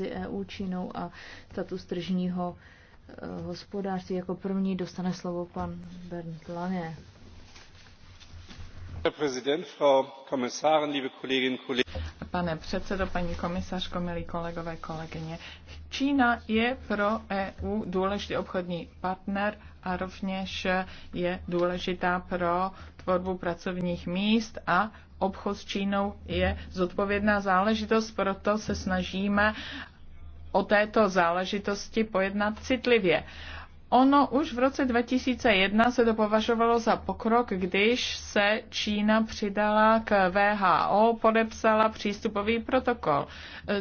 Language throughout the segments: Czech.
mezi EU, Čínou a status tržního eh, hospodářství. Jako první dostane slovo pan Bernd Lange. Pane předsedo, paní komisařko, milí kolegové, kolegyně, Čína je pro EU důležitý obchodní partner a rovněž je důležitá pro tvorbu pracovních míst a obchod s Čínou je zodpovědná záležitost, proto se snažíme o této záležitosti pojednat citlivě. Ono už v roce 2001 se to považovalo za pokrok, když se Čína přidala k VHO, podepsala přístupový protokol,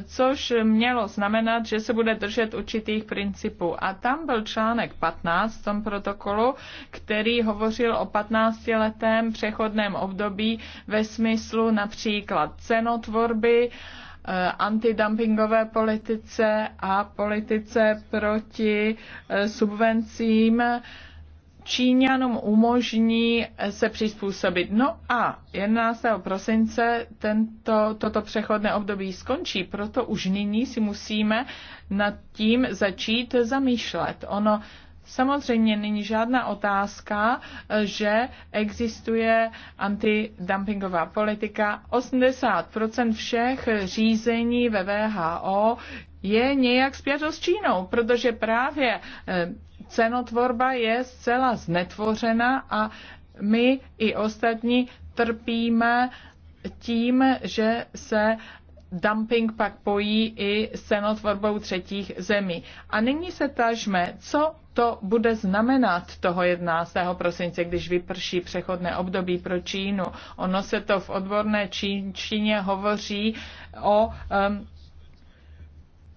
což mělo znamenat, že se bude držet určitých principů. A tam byl článek 15 v tom protokolu, který hovořil o 15-letém přechodném období ve smyslu například cenotvorby, Eh, antidumpingové politice a politice proti eh, subvencím Číňanům umožní eh, se přizpůsobit. No a 11. prosince tento, toto přechodné období skončí, proto už nyní si musíme nad tím začít zamýšlet. Ono Samozřejmě není žádná otázka, že existuje antidumpingová politika. 80% všech řízení ve VHO je nějak spjato s Čínou, protože právě eh, cenotvorba je zcela znetvořena a my i ostatní trpíme tím, že se dumping pak pojí i s cenotvorbou třetích zemí. A nyní se tažme, co to bude znamenat toho 11. prosince, když vyprší přechodné období pro Čínu. Ono se to v odborné Číně hovoří o um,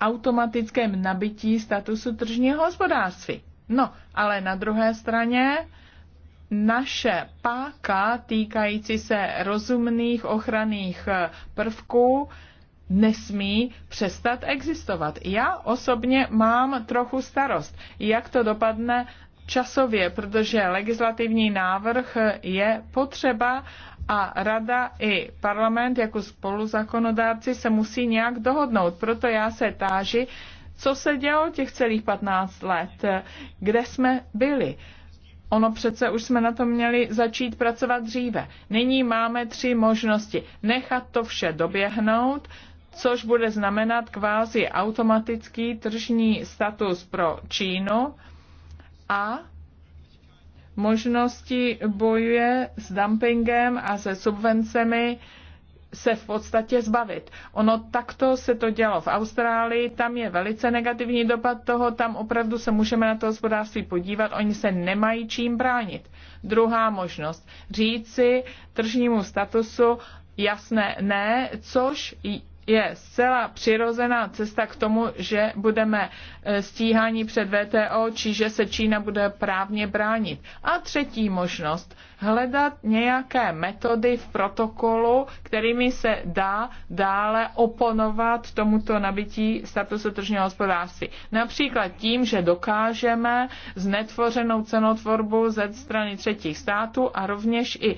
automatickém nabití statusu tržního hospodářství. No, ale na druhé straně naše páka týkající se rozumných ochranných prvků nesmí přestat existovat. Já osobně mám trochu starost, jak to dopadne časově, protože legislativní návrh je potřeba a rada i parlament jako spoluzakonodárci se musí nějak dohodnout. Proto já se táži, co se dělo těch celých 15 let, kde jsme byli. Ono přece už jsme na to měli začít pracovat dříve. Nyní máme tři možnosti. Nechat to vše doběhnout, což bude znamenat kvázi automatický tržní status pro Čínu a možnosti bojuje s dumpingem a se subvencemi se v podstatě zbavit. Ono takto se to dělo v Austrálii, tam je velice negativní dopad toho, tam opravdu se můžeme na to hospodářství podívat, oni se nemají čím bránit. Druhá možnost, říci tržnímu statusu jasné ne, což je zcela přirozená cesta k tomu, že budeme eh, stíhání před VTO, či že se Čína bude právně bránit. A třetí možnost, hledat nějaké metody v protokolu, kterými se dá dále oponovat tomuto nabití statusu tržního hospodářství. Například tím, že dokážeme znetvořenou cenotvorbu ze strany třetích států a rovněž i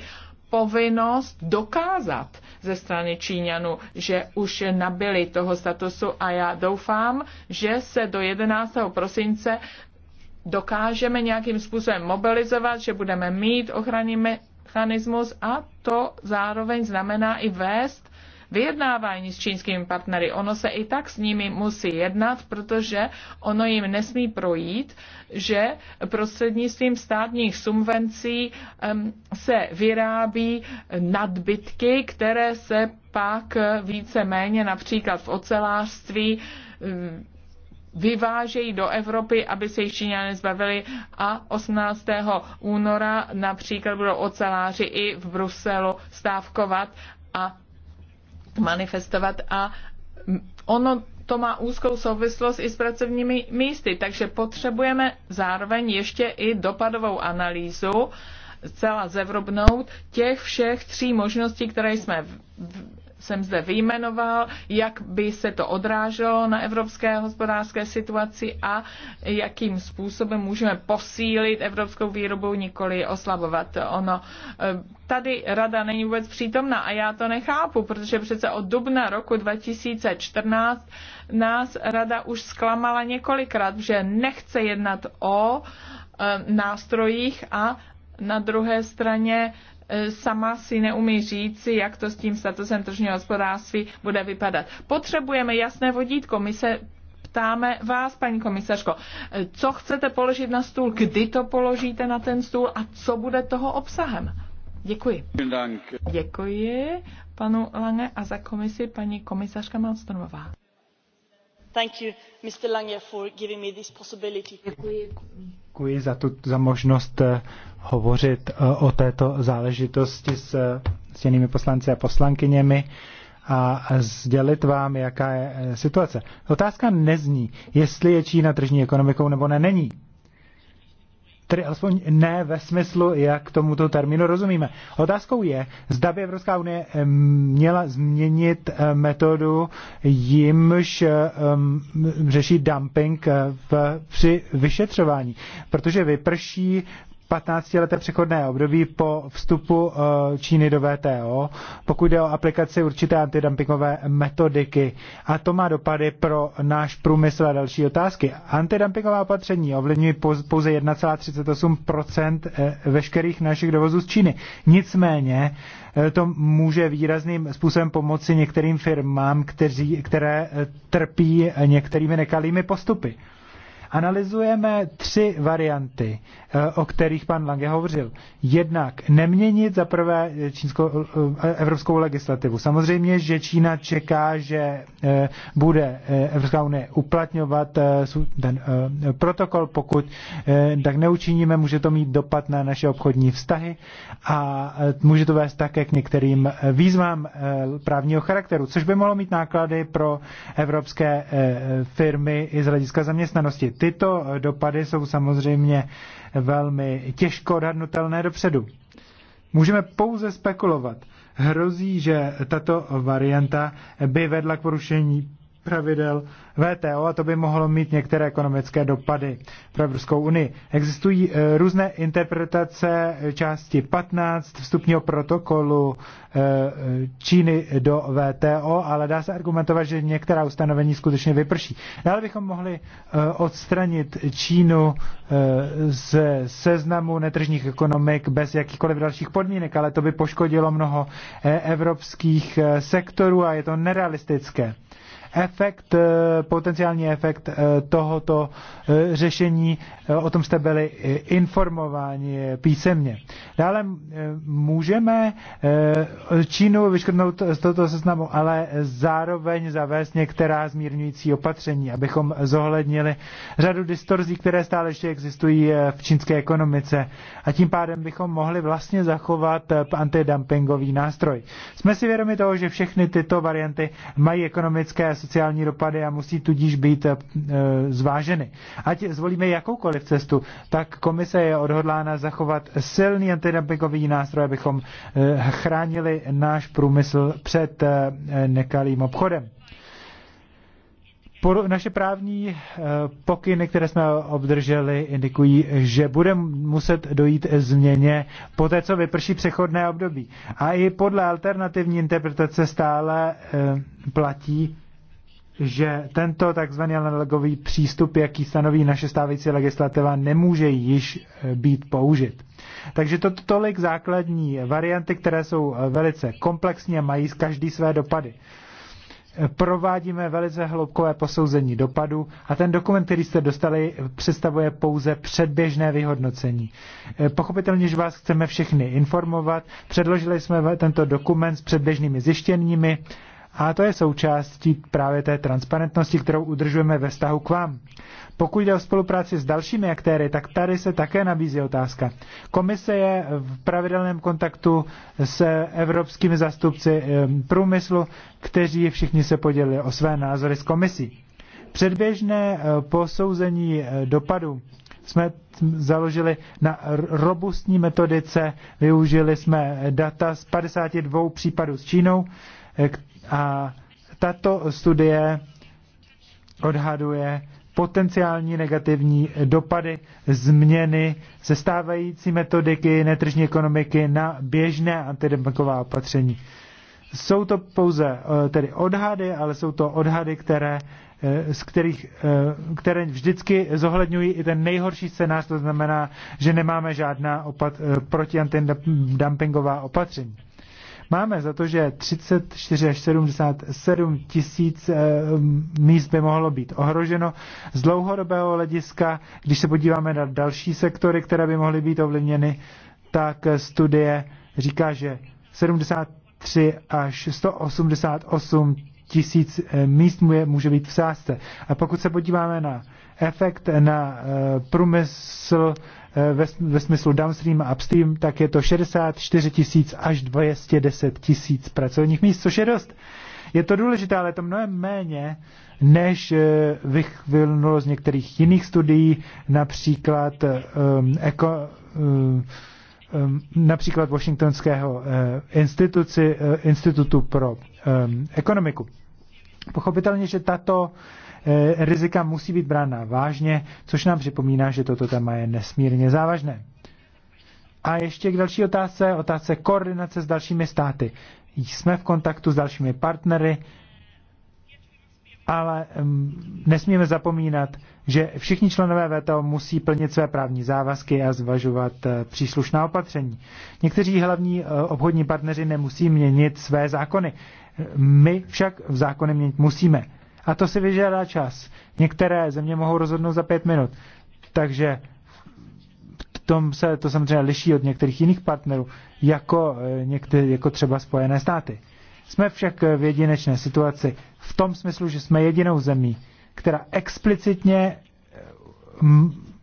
povinnost dokázat ze strany Číňanů, že už nabili toho statusu a já doufám, že se do 11. prosince dokážeme nějakým způsobem mobilizovat, že budeme mít ochranný mechanismus a to zároveň znamená i vést vyjednávání s čínskými partnery. Ono se i tak s nimi musí jednat, protože ono jim nesmí projít, že prostřednictvím státních subvencí se vyrábí nadbytky, které se pak více-méně například v ocelářství vyvážejí do Evropy, aby se jich Číňané zbavili a 18. února například budou oceláři i v Bruselu stávkovat a manifestovat a ono to má úzkou souvislost i s pracovními místy, takže potřebujeme zároveň ještě i dopadovou analýzu zcela zevrobnout těch všech tří možností, které jsme jsem zde vyjmenoval, jak by se to odráželo na evropské hospodářské situaci a jakým způsobem můžeme posílit evropskou výrobu, nikoli oslabovat. Ono, eh, tady rada není vůbec přítomná a já to nechápu, protože přece od dubna roku 2014 nás rada už zklamala několikrát, že nechce jednat o eh, nástrojích a na druhé straně sama si neumí říci, jak to s tím statusem tržního hospodářství bude vypadat. Potřebujeme jasné vodítko. My se ptáme vás, paní komisařko, co chcete položit na stůl, kdy to položíte na ten stůl a co bude toho obsahem. Děkuji. Děkuji panu Lange a za komisi paní komisařka Malmstromová. Děkuji. Děkuji za, tu, za možnost eh, hovořit eh, o této záležitosti s stěnými eh, poslanci a poslankyněmi a sdělit vám, jaká je eh, situace. Otázka nezní, jestli je Čína tržní ekonomikou nebo ne, není. Tedy alespoň ne ve smyslu, jak tomuto termínu rozumíme. Otázkou je, zda by Evropská unie měla změnit metodu, jimž řeší dumping v, při vyšetřování, protože vyprší 15-leté přechodné období po vstupu eh, Číny do VTO, pokud jde o aplikaci určité antidumpingové metodiky. A to má dopady pro náš průmysl a další otázky. Antidumpingová opatření ovlivňují pouze 1,38 eh, veškerých našich dovozů z Číny. Nicméně eh, to může výrazným způsobem pomoci některým firmám, kteří, které trpí některými nekalými postupy. Analyzujeme tři varianty, eh, o kterých pan Lange hovořil. Jednak neměnit za prvé eh, čínskou, eh, evropskou legislativu. Samozřejmě, že Čína čeká, že bude Evropská unie uplatňovat ten protokol, pokud tak neučiníme, může to mít dopad na naše obchodní vztahy a může to vést také k některým výzvám právního charakteru, což by mohlo mít náklady pro evropské firmy i z hlediska zaměstnanosti. Tyto dopady jsou samozřejmě velmi těžko odhadnutelné dopředu. Můžeme pouze spekulovat. Hrozí, že tato varianta by vedla k porušení pravidel VTO a to by mohlo mít některé ekonomické dopady pro Evropskou unii. Existují e, různé interpretace části 15 vstupního protokolu e, e, Číny do VTO, ale dá se argumentovat, že některá ustanovení skutečně vyprší. Dále bychom mohli odstranit Čínu z seznamu netržních ekonomik bez jakýchkoliv dalších podmínek, ale to by poškodilo mnoho evropských sektorů a je to nerealistické efekt, eh, potenciální efekt eh, tohoto eh, řešení, o tom jste byli informováni písemně. Dále můžeme Čínu vyškrtnout z tohoto seznamu, ale zároveň zavést některá zmírňující opatření, abychom zohlednili řadu distorzí, které stále ještě existují v čínské ekonomice a tím pádem bychom mohli vlastně zachovat antidumpingový nástroj. Jsme si vědomi toho, že všechny tyto varianty mají ekonomické sociální dopady a musí tudíž být eh, zváženy. Ať zvolíme jakoukoliv cestu, tak komise je odhodlána zachovat silný antidumpingový nástroj, abychom eh, chránili náš průmysl před eh, nekalým obchodem. Naše právní pokyny, které jsme obdrželi, indikují, že bude muset dojít změně po té, co vyprší přechodné období. A i podle alternativní interpretace stále platí, že tento takzvaný analogový přístup, jaký stanoví naše stávající legislativa, nemůže již eh, být použit. Takže to tolik základní varianty, které jsou eh, velice komplexní a mají každý své dopady. Eh, provádíme velice hloubkové posouzení dopadu a ten dokument, který jste dostali, představuje pouze předběžné vyhodnocení. Pochopitelně, že vás chceme všechny informovat. Předložili jsme tento dokument s předběžnými zjištěními a to je součástí právě té transparentnosti, kterou udržujeme ve vztahu k vám. Pokud jde o spolupráci s dalšími aktéry, tak tady se také nabízí otázka. Komise je v pravidelném kontaktu s evropskými zastupci eh, průmyslu, kteří všichni se podělili o své názory s komisí. Předběžné eh, posouzení eh, dopadu jsme založili na robustní metodice, využili jsme data z 52 případů s Čínou, a tato studie odhaduje potenciální negativní dopady změny ze stávající metodiky netržní ekonomiky na běžné antidumpingová opatření. Jsou to pouze eh, tedy odhady, ale jsou to odhady, které, eh, z kterých, eh, které vždycky zohledňují i ten nejhorší scénář, to znamená, že nemáme žádná opat, protiantidumpingová opatření. Máme za to, že 34 až 77 tisíc eh, míst by mohlo být ohroženo. Z dlouhodobého hlediska, když se podíváme na další sektory, které by mohly být ovlivněny, tak studie říká, že 73 až 188 tisíc eh, míst může být v sázce. A pokud se podíváme na efekt na eh, průmysl Eh, ve, ve smyslu downstream a upstream, tak je to 64 tisíc až 210 tisíc pracovních míst, což je dost. Je to důležité, ale je to mnohem méně, než eh, vychvilnulo z některých jiných studií, například um, eko, um, například Washingtonského uh, instituci, uh, institutu pro um, ekonomiku. Pochopitelně, že tato Eh, rizika musí být brána vážně, což nám připomíná, že toto téma je nesmírně závažné. A ještě k další otázce, otázce koordinace s dalšími státy. Jsme v kontaktu s dalšími partnery, ale nesmíme zapomínat, že všichni členové VTO musí plnit své právní závazky a zvažovat eh, příslušná opatření. Někteří hlavní eh, obchodní partneři nemusí měnit své zákony. My však v zákony měnit musíme. A to si vyžádá čas. Některé země mohou rozhodnout za pět minut. Takže tom se to samozřejmě liší od některých jiných partnerů, jako, eh, některý, jako třeba Spojené státy. Jsme však v jedinečné situaci v tom smyslu, že jsme jedinou zemí, která explicitně eh,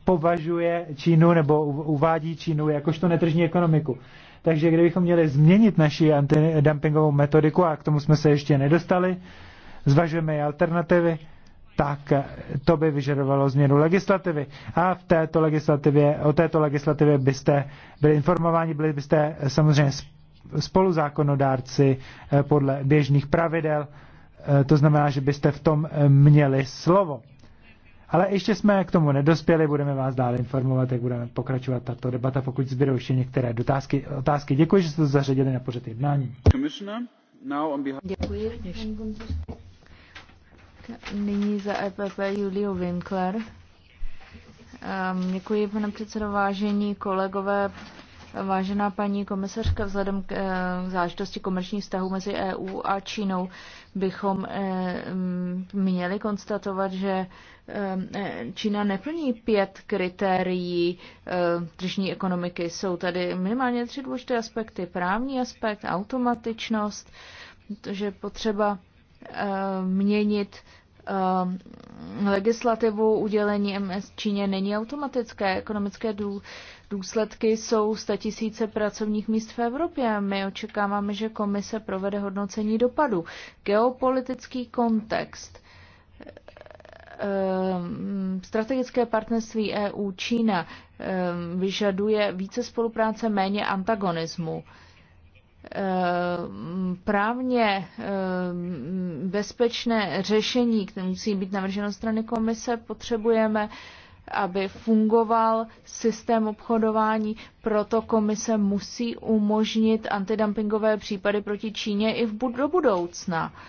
považuje Čínu nebo uvádí Čínu jakožto netržní ekonomiku. Takže kdybychom měli změnit naši antidumpingovou metodiku, a k tomu jsme se ještě nedostali, zvažujeme i alternativy, tak to by vyžadovalo změnu legislativy. A v této legislativě, o této legislativě byste byli informováni, byli byste samozřejmě spoluzákonodárci eh, podle běžných pravidel, eh, to znamená, že byste v tom eh, měli slovo. Ale ještě jsme k tomu nedospěli, budeme vás dál informovat, jak budeme pokračovat tato debata, pokud zbydou ještě některé dotázky, otázky. Děkuji, že jste to zařadili na pořad jednání. Děkuji. Nyní za EPP Julio Winkler. Um, děkuji, pane předsedo, vážení kolegové. Vážená paní komisařka, vzhledem k ehm, zážitosti komerčních vztahů mezi EU a Čínou bychom ehm, měli konstatovat, že e, Čína neplní pět kritérií tržní ekonomiky. Jsou tady minimálně tři důležité aspekty. Právní aspekt, automatičnost, protože potřeba měnit Um, legislativu udělení MS Číně není automatické. Ekonomické důsledky jsou tisíce pracovních míst v Evropě. My očekáváme, že komise provede hodnocení dopadu. Geopolitický kontext um, strategické partnerství EU-Čína um, vyžaduje více spolupráce, méně antagonismu. Eh, právně eh, bezpečné řešení, které musí být navrženo strany komise, potřebujeme, aby fungoval systém obchodování, proto komise musí umožnit antidumpingové případy proti Číně i v bud- do budoucna. Uh,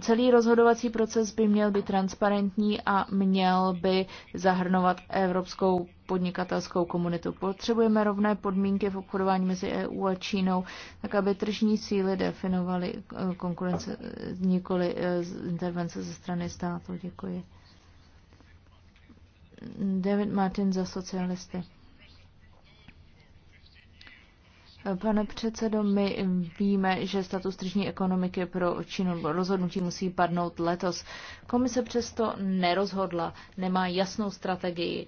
Celý rozhodovací proces by měl být transparentní a měl by zahrnovat evropskou podnikatelskou komunitu. Potřebujeme rovné podmínky v obchodování mezi EU a Čínou, tak aby tržní síly definovaly eh, konkurence, eh, nikoli eh, intervence ze strany státu. Děkuji. David Martin za socialisty. Pane předsedo, my víme, že status tržní ekonomiky pro Čínu rozhodnutí musí padnout letos. Komise přesto nerozhodla, nemá jasnou strategii.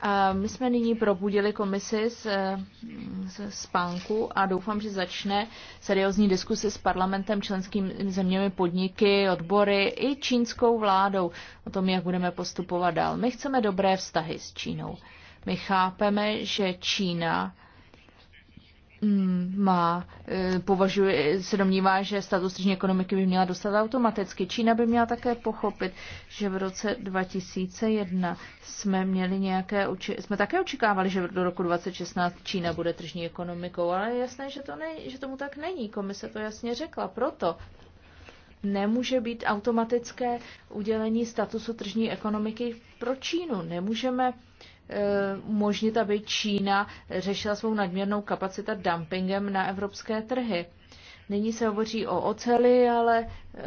A my jsme nyní probudili komisi z, z spánku a doufám, že začne seriózní diskuse s parlamentem, členskými zeměmi, podniky, odbory i čínskou vládou o tom, jak budeme postupovat dál. My chceme dobré vztahy s Čínou. My chápeme, že Čína mm, má, e, považuje, se domnívá, že status tržní ekonomiky by měla dostat automaticky. Čína by měla také pochopit, že v roce 2001 jsme měli nějaké, jsme také očekávali, že do roku 2016 Čína bude tržní ekonomikou, ale je jasné, že, to ne, že tomu tak není. Komise to jasně řekla. Proto nemůže být automatické udělení statusu tržní ekonomiky pro Čínu. Nemůžeme Eh, umožnit, aby Čína řešila svou nadměrnou kapacitu dumpingem na evropské trhy. Nyní se hovoří o oceli, ale eh,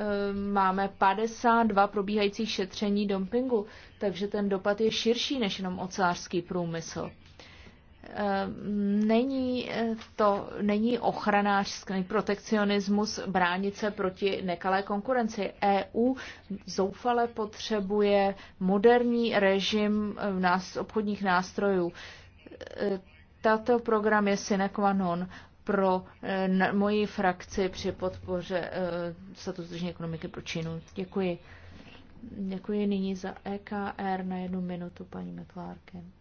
máme 52 probíhajících šetření dumpingu, takže ten dopad je širší než jenom ocelářský průmysl. Ehm, není eh, to, není ochranářský protekcionismus bránit se proti nekalé konkurenci. EU zoufale potřebuje moderní režim eh, nás, obchodních nástrojů. Eh, tato program je sine qua non pro moji frakci při podpoře statusu tržní ekonomiky pro Čínu. Děkuji. Děkuji nyní za EKR na jednu minutu paní McClarkin.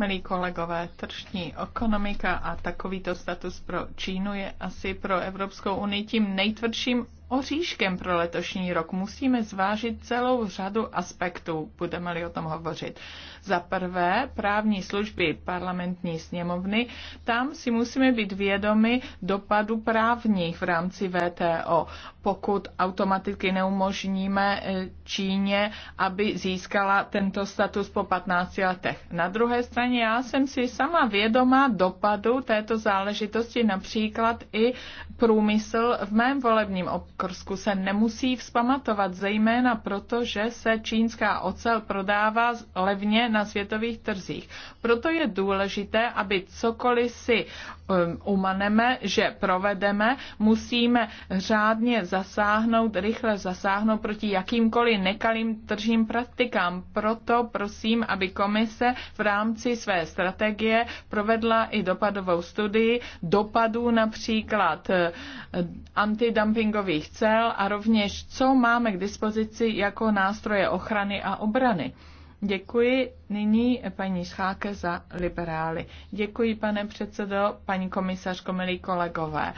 Milí kolegové, tržní ekonomika a takovýto status pro Čínu je asi pro Evropskou unii tím nejtvrdším oříškem pro letošní rok. Musíme zvážit celou řadu aspektů, budeme-li o tom hovořit. Za prvé právní služby parlamentní sněmovny, tam si musíme být vědomi dopadu právních v rámci VTO, pokud automaticky neumožníme eh, Číně, aby získala tento status po 15 letech. Na druhé straně já jsem si sama vědoma dopadu této záležitosti, například i průmysl v mém volebním okrsku se nemusí vzpamatovat, zejména proto, že se čínská ocel prodává levně na na světových trzích. Proto je důležité, aby cokoliv si um, umaneme, že provedeme, musíme řádně zasáhnout, rychle zasáhnout proti jakýmkoliv nekalým tržním praktikám. Proto prosím, aby komise v rámci své strategie provedla i dopadovou studii dopadů například eh, antidumpingových cel a rovněž co máme k dispozici jako nástroje ochrany a obrany. Děkuji nyní paní Scháke za liberály. Děkuji, pane předsedo, paní komisařko, milí kolegové.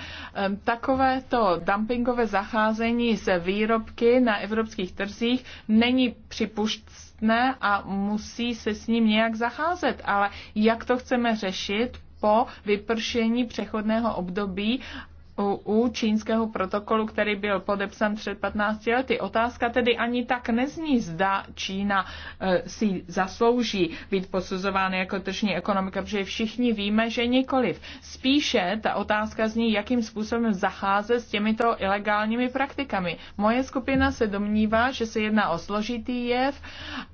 Takovéto dumpingové zacházení se výrobky na evropských trzích není připuštné a musí se s ním nějak zacházet. Ale jak to chceme řešit, po vypršení přechodného období u čínského protokolu, který byl podepsan před 15 lety. Otázka tedy ani tak nezní, zda Čína e, si zaslouží být posuzována jako tržní ekonomika, protože všichni víme, že nikoliv. Spíše ta otázka zní, jakým způsobem zacházet s těmito ilegálními praktikami. Moje skupina se domnívá, že se jedná o složitý jev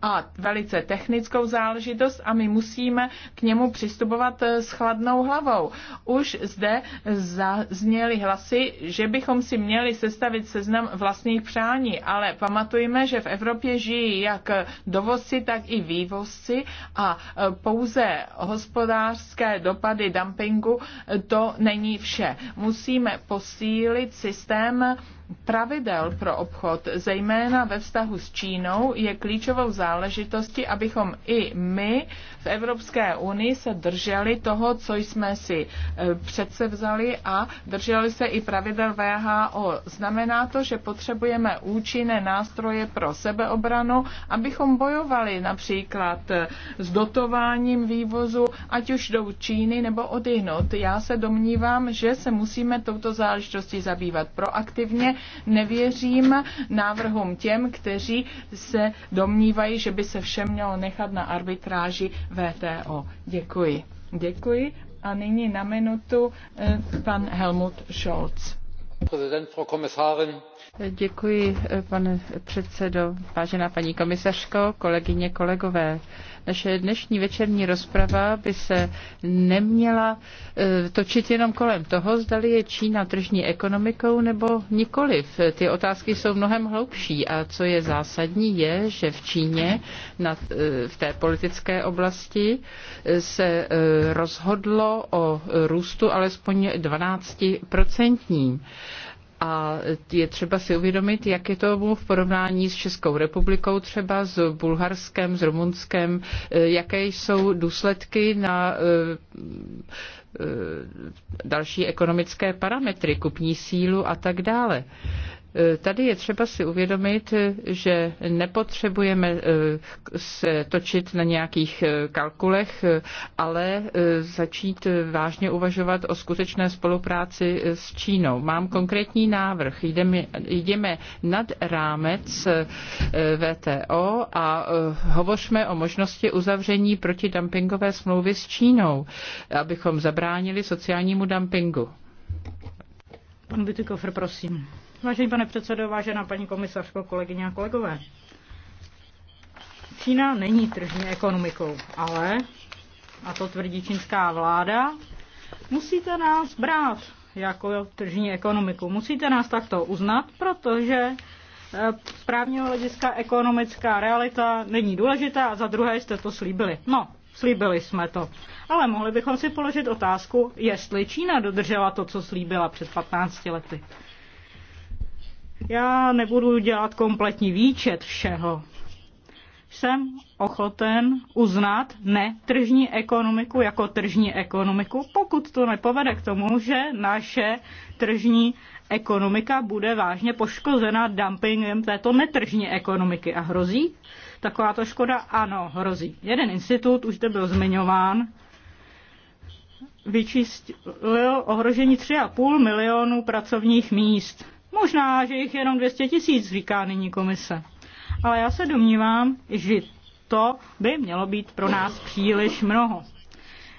a velice technickou záležitost a my musíme k němu přistupovat e, s chladnou hlavou. Už zde zazněly zaznívaly hlasy, že bychom si měli sestavit seznam vlastních přání, ale pamatujme, že v Evropě žijí jak dovozci, tak i vývozci a e, pouze hospodářské dopady dumpingu e, to není vše. Musíme posílit systém pravidel pro obchod, zejména ve vztahu s Čínou, je klíčovou záležitostí, abychom i my v Evropské unii se drželi toho, co jsme si e, přece vzali a drželi se i pravidel VHO. Znamená to, že potřebujeme účinné nástroje pro sebeobranu, abychom bojovali například e, s dotováním vývozu, ať už do Číny nebo odjinut. Já se domnívám, že se musíme touto záležitostí zabývat proaktivně nevěřím návrhům těm, kteří se domnívají, že by se vše mělo nechat na arbitráži VTO. Děkuji. Děkuji. A nyní na minutu eh, pan Helmut Scholz. Děkuji, eh, pane předsedo, vážená paní komisařko, kolegyně, kolegové naše dnešní večerní rozprava by se neměla eh, točit jenom kolem toho, zdali je Čína tržní ekonomikou nebo nikoliv. Ty otázky jsou mnohem hloubší a co je zásadní je, že v Číně na, eh, v té politické oblasti eh, se rozhodlo o růstu alespoň 12% a je třeba si uvědomit, jak je to v porovnání s Českou republikou, třeba s Bulharskem, s Rumunskem, e, jaké jsou důsledky na e, e, další ekonomické parametry, kupní sílu a tak dále. Tady je třeba si uvědomit, že nepotřebujeme eh, se točit na nějakých eh, kalkulech, eh, ale začít vážně uvažovat o skutečné spolupráci s Čínou. Mám konkrétní návrh. Jdeme, jdeme nad rámec VTO a hovořme o možnosti uzavření protidumpingové smlouvy s Čínou, abychom zabránili sociálnímu dumpingu. Pan Bytykofer, prosím. Vážený pane předsedo, vážená paní komisařko, kolegyně a kolegové. Čína není tržní ekonomikou, ale, a to tvrdí čínská vláda, musíte nás brát jako tržní ekonomiku. Musíte nás takto uznat, protože eh, z právního hlediska ekonomická realita není důležitá a za druhé jste to slíbili. No, slíbili jsme to. Ale mohli bychom si položit otázku, jestli Čína dodržela to, co slíbila před 15 lety. Já nebudu dělat kompletní výčet všeho. Jsem ochoten uznat netržní ekonomiku jako tržní ekonomiku, pokud to nepovede k tomu, že naše tržní ekonomika bude vážně poškozena dumpingem této netržní ekonomiky. A hrozí Taková to škoda? Ano, hrozí. Jeden institut, už zde byl zmiňován, vyčistil ohrožení 3,5 milionů pracovních míst Možná, že jich jenom 200 tisíc, říká nyní komise. Ale já se domnívám, že to by mělo být pro nás příliš mnoho.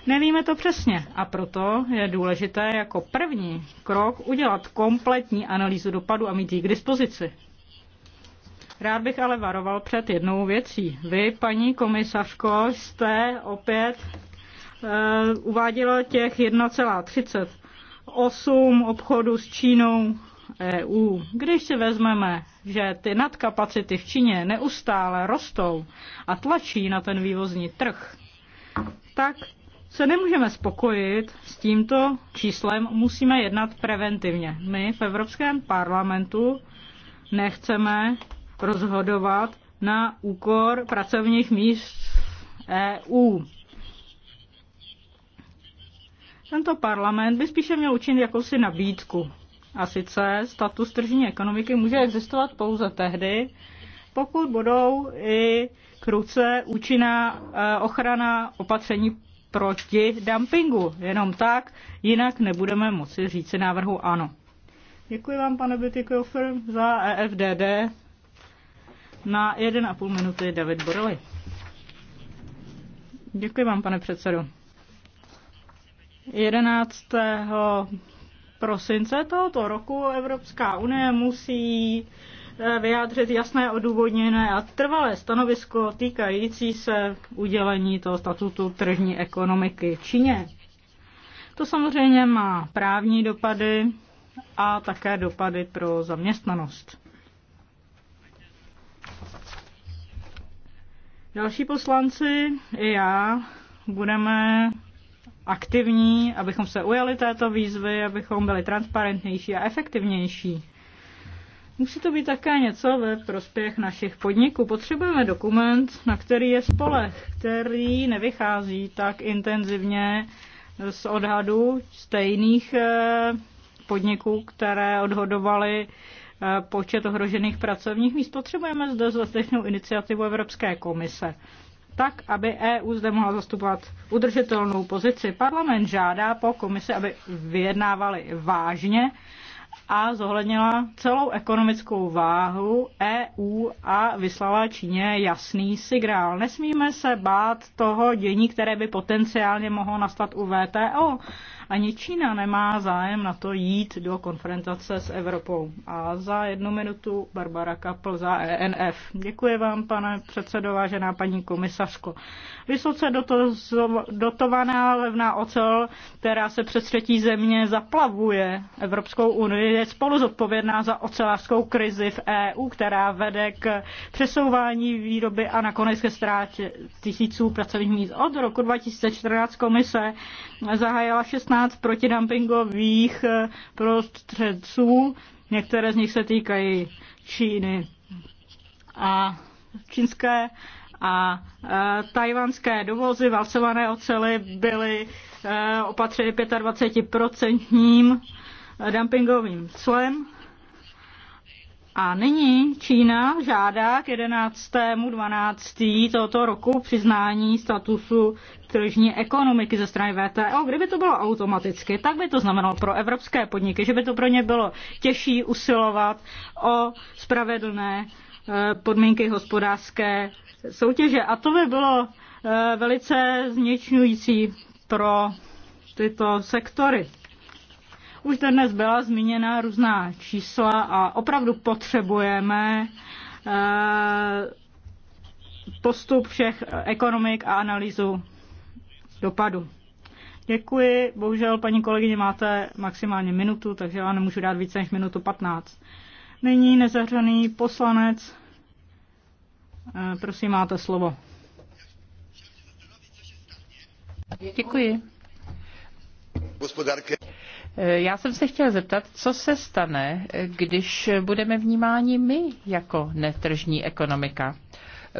Nevíme to přesně a proto je důležité jako první krok udělat kompletní analýzu dopadu a mít ji k dispozici. Rád bych ale varoval před jednou věcí. Vy, paní komisařko, jste opět e, uváděla těch 1,38 obchodu s Čínou EU. Když si vezmeme, že ty nadkapacity v Číně neustále rostou a tlačí na ten vývozní trh, tak se nemůžeme spokojit s tímto číslem, musíme jednat preventivně. My v Evropském parlamentu nechceme rozhodovat na úkor pracovních míst EU. Tento parlament by spíše měl učinit jakousi nabídku. A sice status tržní ekonomiky může existovat pouze tehdy, pokud budou i kruce účinná eh, ochrana opatření proti dumpingu. Jenom tak, jinak nebudeme moci říci návrhu ano. Děkuji vám, pane Bytykofer, za EFDD. Na 1,5 minuty David Borely. Děkuji vám, pane předsedo. 11 prosince tohoto roku Evropská unie musí eh, vyjádřit jasné odůvodněné a trvalé stanovisko týkající se udělení toho statutu tržní ekonomiky Číně. To samozřejmě má právní dopady a také dopady pro zaměstnanost. Další poslanci i já budeme aktivní, abychom se ujali této výzvy, abychom byli transparentnější a efektivnější. Musí to být také něco ve prospěch našich podniků. Potřebujeme dokument, na který je spoleh, který nevychází tak intenzivně z odhadu stejných eh, podniků, které odhodovaly eh, počet ohrožených pracovních míst. Potřebujeme zde zlatečnou iniciativu Evropské komise tak, aby EU zde mohla zastupovat udržitelnou pozici. Parlament žádá po komisi, aby vyjednávali vážně a zohlednila celou ekonomickou váhu EU a vyslala Číně jasný signál. Nesmíme se bát toho dění, které by potenciálně mohlo nastat u VTO. Ani Čína nemá zájem na to jít do konfrontace s Evropou. A za jednu minutu Barbara Kapl za ENF. Děkuji vám, pane předsedo, vážená paní komisařko. Vysoce dotovaná levná ocel, která se přes třetí země zaplavuje Evropskou unii, je spolu zodpovědná za ocelářskou krizi v EU, která vede k přesouvání výroby a nakonec ke ztrátě tisíců pracovních míst. Od roku 2014 komise zahájila 16 15 protidumpingových eh, prostředců, některé z nich se týkají Číny. A čínské a e, tajvanské dovozy valcované ocely byly e, opatřeny 25% dumpingovým clem a nyní Čína žádá k 11.12. tohoto roku přiznání statusu tržní ekonomiky ze strany VTO. Kdyby to bylo automaticky, tak by to znamenalo pro evropské podniky, že by to pro ně bylo těžší usilovat o spravedlné eh, podmínky hospodářské soutěže. A to by bylo eh, velice zničňující pro tyto sektory. Už dnes byla zmíněna různá čísla a opravdu potřebujeme eh, postup všech ekonomik a analýzu dopadu. Děkuji. Bohužel, paní kolegyně, máte maximálně minutu, takže já nemůžu dát více než minutu 15. Nyní nezahřený poslanec. Eh, prosím, máte slovo. Děkuji. Já jsem se chtěla zeptat, co se stane, když budeme vnímáni my jako netržní ekonomika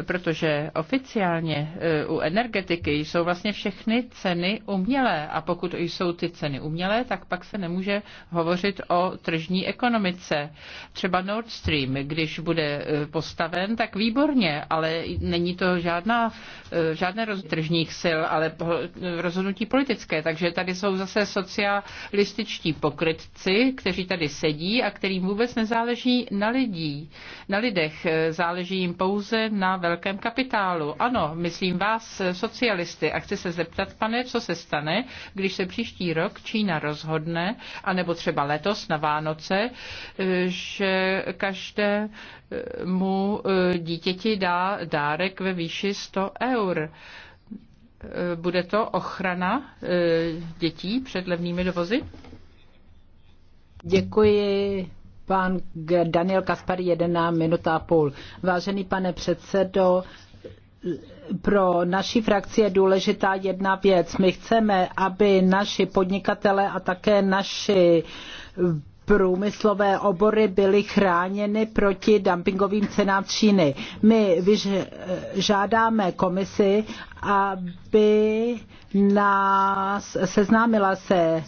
protože oficiálně eh, u energetiky jsou vlastně všechny ceny umělé a pokud jsou ty ceny umělé, tak pak se nemůže hovořit o tržní ekonomice. Třeba Nord Stream, když bude eh, postaven, tak výborně, ale není to žádná, eh, žádné tržních sil, ale rozhodnutí politické. Takže tady jsou zase socialističtí pokrytci, kteří tady sedí a kterým vůbec nezáleží na lidí, na lidech. Záleží jim pouze na velkém kapitálu. Ano, myslím vás, eh, socialisty. A chci se zeptat, pane, co se stane, když se příští rok Čína rozhodne, anebo třeba letos na Vánoce, eh, že každému eh, dítěti dá dárek ve výši 100 eur. Bude to ochrana dětí před levnými dovozy? Děkuji Pan Daniel Kaspar, jedená minuta a půl. Vážený pane předsedo, pro naši frakci je důležitá jedna věc. My chceme, aby naši podnikatele a také naši průmyslové obory byly chráněny proti dumpingovým cenám Číny. My žádáme komisi, aby nás seznámila se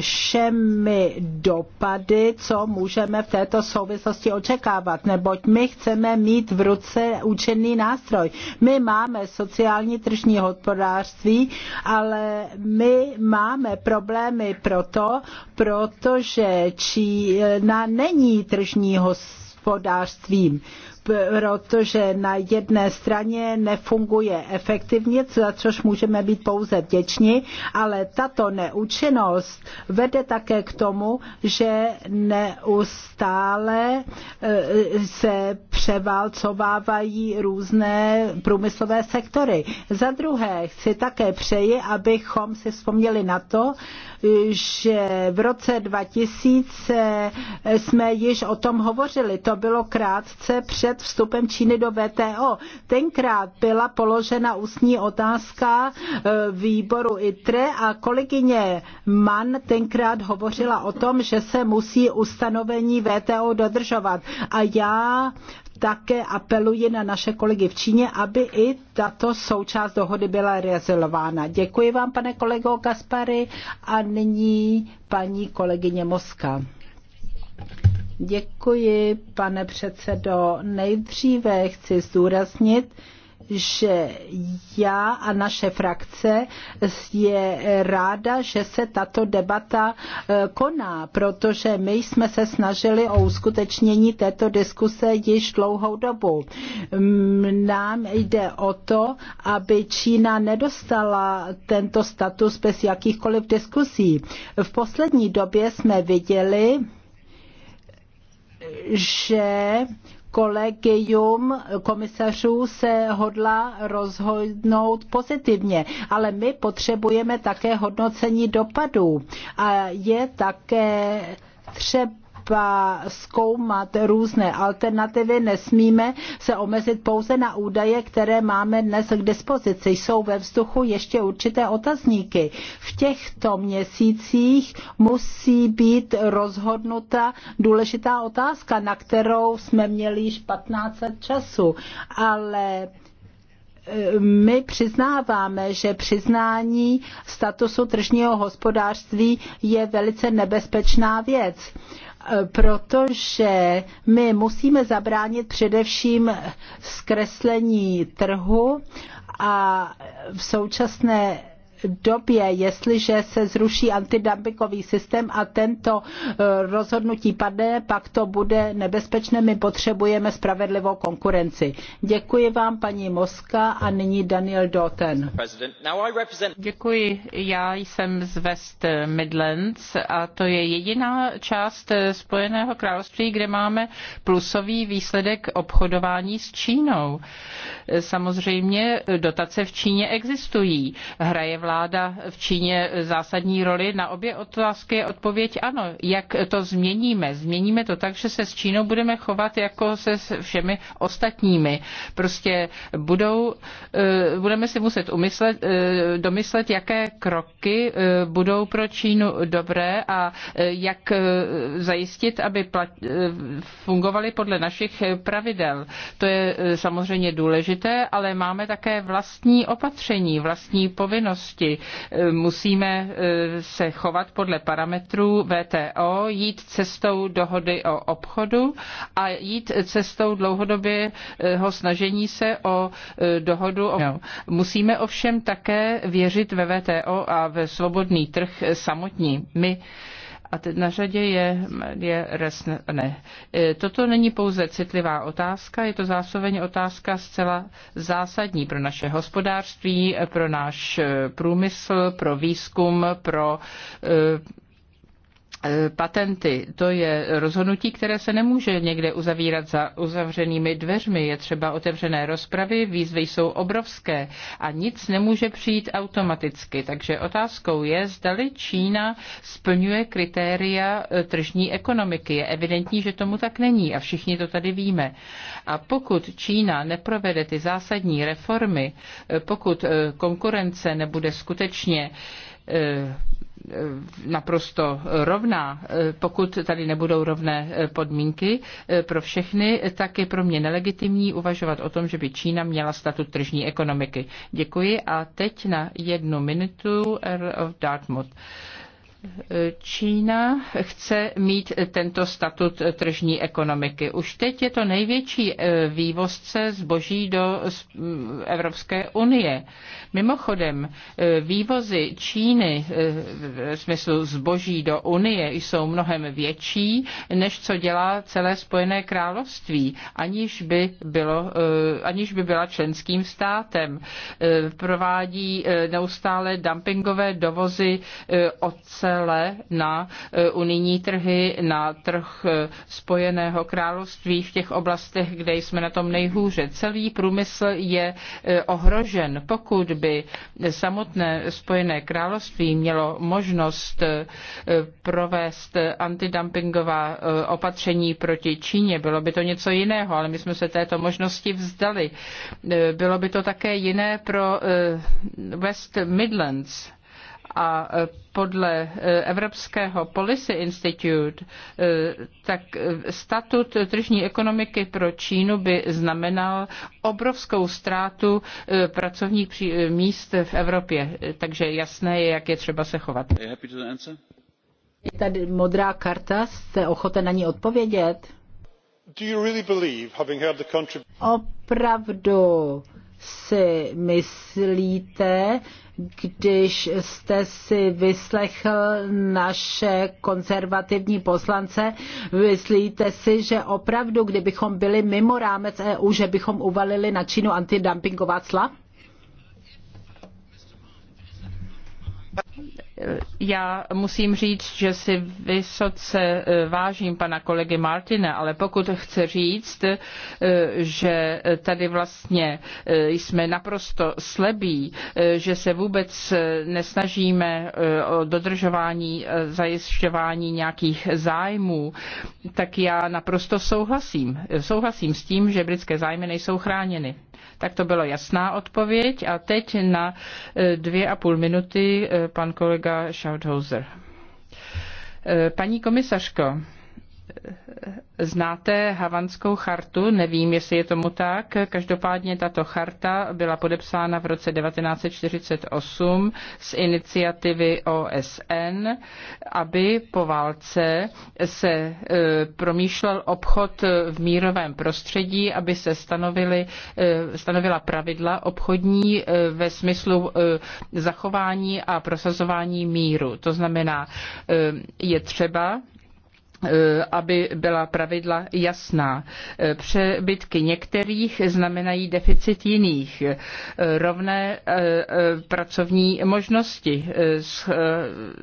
všemi dopady, co můžeme v této souvislosti očekávat, neboť my chceme mít v ruce účinný nástroj. My máme sociální tržní hospodářství, ale my máme problémy proto, protože Čína není tržní hospodářstvím protože na jedné straně nefunguje efektivně, za což můžeme být pouze vděční, ale tato neúčinnost vede také k tomu, že neustále eh, se převálcovávají různé průmyslové sektory. Za druhé, si také přeji, abychom si vzpomněli na to, že v roce 2000 eh, jsme již o tom hovořili. To bylo krátce před před vstupem Číny do VTO. Tenkrát byla položena ústní otázka e, výboru ITRE a kolegyně Mann tenkrát hovořila o tom, že se musí ustanovení VTO dodržovat. A já také apeluji na naše kolegy v Číně, aby i tato součást dohody byla realizována. Děkuji vám, pane kolego Kaspary, a nyní paní kolegyně Moska. Děkuji, pane předsedo. Nejdříve chci zdůraznit, že já a naše frakce je ráda, že se tato debata eh, koná, protože my jsme se snažili o uskutečnění této diskuse již dlouhou dobu. Nám jde o to, aby Čína nedostala tento status bez jakýchkoliv diskusí. V poslední době jsme viděli, že kolegium komisařů se hodla rozhodnout pozitivně, ale my potřebujeme také hodnocení dopadů a je také třeba a zkoumat různé alternativy, nesmíme se omezit pouze na údaje, které máme dnes k dispozici. Jsou ve vzduchu ještě určité otazníky. V těchto měsících musí být rozhodnuta důležitá otázka, na kterou jsme měli již 15 času, ale eh, my přiznáváme, že přiznání statusu tržního hospodářství je velice nebezpečná věc protože my musíme zabránit především zkreslení trhu a v současné době, jestliže se zruší antidumpingový systém a tento eh, rozhodnutí padne, pak to bude nebezpečné. My potřebujeme spravedlivou konkurenci. Děkuji vám, paní Moska, a nyní Daniel Doten. Děkuji. Já jsem z West Midlands a to je jediná část eh, Spojeného království, kde máme plusový výsledek obchodování s Čínou. Eh, samozřejmě dotace v Číně existují. Hraje vlá vláda v Číně zásadní roli? Na obě otázky je odpověď ano. Jak to změníme? Změníme to tak, že se s Čínou budeme chovat jako se s všemi ostatními. Prostě budou, eh, budeme si muset umyslet, eh, domyslet, jaké kroky eh, budou pro Čínu dobré a jak zajistit, aby fungovaly podle našich pravidel. To je samozřejmě důležité, ale máme také vlastní opatření, vlastní povinnosti oblasti. Eh, musíme eh, se chovat podle parametrů VTO, jít cestou dohody o obchodu a jít cestou dlouhodobého eh, snažení se o dohodu o... Musíme ovšem také věřit ve VTO a ve svobodný trh samotní. My a teď na řadě je, je res, ne. E, toto není pouze citlivá otázka, je to zároveň otázka zcela zásadní pro naše hospodářství, pro náš e, průmysl, pro výzkum, pro e, Eh, patenty, to je rozhodnutí, které se nemůže někde uzavírat za uzavřenými dveřmi. Je třeba otevřené rozpravy, výzvy jsou obrovské a nic nemůže přijít automaticky. Takže otázkou je, zdali Čína splňuje kritéria eh, tržní ekonomiky. Je evidentní, že tomu tak není a všichni to tady víme. A pokud Čína neprovede ty zásadní reformy, eh, pokud konkurence nebude skutečně naprosto rovná. Pokud tady nebudou rovné podmínky pro všechny, tak je pro mě nelegitimní uvažovat o tom, že by Čína měla statut tržní ekonomiky. Děkuji a teď na jednu minutu Earl of Dartmouth. Čína chce mít tento statut tržní ekonomiky. Už teď je to největší eh, vývozce zboží do mm, Evropské unie. Mimochodem, eh, vývozy Číny eh, v smyslu zboží do unie jsou mnohem větší, než co dělá celé Spojené království, aniž by, bylo, aniž by byla členským státem. Provádí neustále dumpingové dovozy otce Izraele na eh, unijní trhy, na trh eh, Spojeného království v těch oblastech, kde jsme na tom nejhůře. Celý průmysl je eh, ohrožen. Pokud by samotné Spojené království mělo možnost provést antidumpingová opatření proti Číně, bylo by to něco jiného, ale my jsme se této možnosti vzdali. Bylo by to také jiné pro West Midlands a e, podle e, Evropského Policy Institute, e, tak statut tržní ekonomiky pro Čínu by znamenal obrovskou ztrátu pracovních míst v Evropě. Takže jasné je, jak je třeba se chovat. Je tady modrá karta, jste ochoten na ní odpovědět? Opravdu si myslíte, když jste si vyslechl naše konzervativní poslance, myslíte si, že opravdu, kdybychom byli mimo rámec EU, že bychom uvalili na Čínu antidumpingová cla? Já musím říct, že si vysoce eh, vážím pana kolegy Martina, ale pokud chce říct, eh, že tady vlastně eh, jsme naprosto slebí, že se vůbec nesnažíme o dodržování, zajišťování nějakých zájmů, tak já naprosto souhlasím. Souhlasím s tím, že britské zájmy nejsou chráněny. Tak to byla jasná odpověď. A teď na e, dvě a půl minuty e, pan kolega Schauthauser. E, paní komisařko, znáte Havanskou chartu, nevím, jestli je tomu tak. Každopádně tato charta byla podepsána v roce 1948 z iniciativy OSN, aby po válce se e, promýšlel obchod v mírovém prostředí, aby se stanovily, e, stanovila pravidla obchodní e, ve smyslu zachování a prosazování míru. To znamená, je třeba Eh, aby byla pravidla jasná. Eh, přebytky některých znamenají deficit jiných. Eh, rovné pracovní možnosti,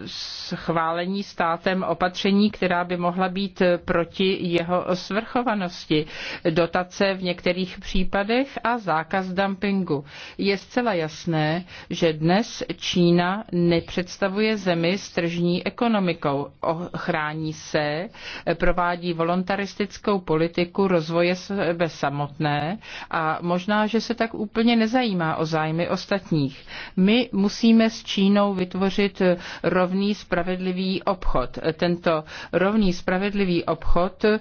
schválení státem opatření, která by mohla být proti jeho svrchovanosti, dotace v některých případech a zákaz dumpingu. Je zcela jasné, že dnes Čína nepředstavuje zemi s tržní ekonomikou. Ochrání se provádí voluntaristickou politiku rozvoje sebe samotné a možná, že se tak úplně nezajímá o zájmy ostatních. My musíme s Čínou vytvořit rovný spravedlivý obchod. Tento rovný spravedlivý obchod eh,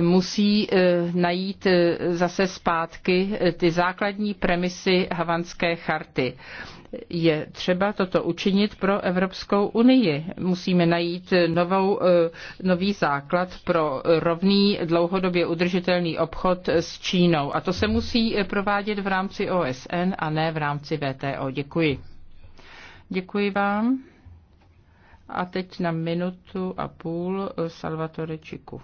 musí eh, najít eh, zase zpátky ty základní premisy havanské charty je třeba toto učinit pro Evropskou unii. Musíme najít novou, eh, nový základ pro rovný dlouhodobě udržitelný obchod s Čínou. A to se musí eh, provádět v rámci OSN a ne v rámci VTO. Děkuji. Děkuji vám. A teď na minutu a půl eh, Salvatore Čiku.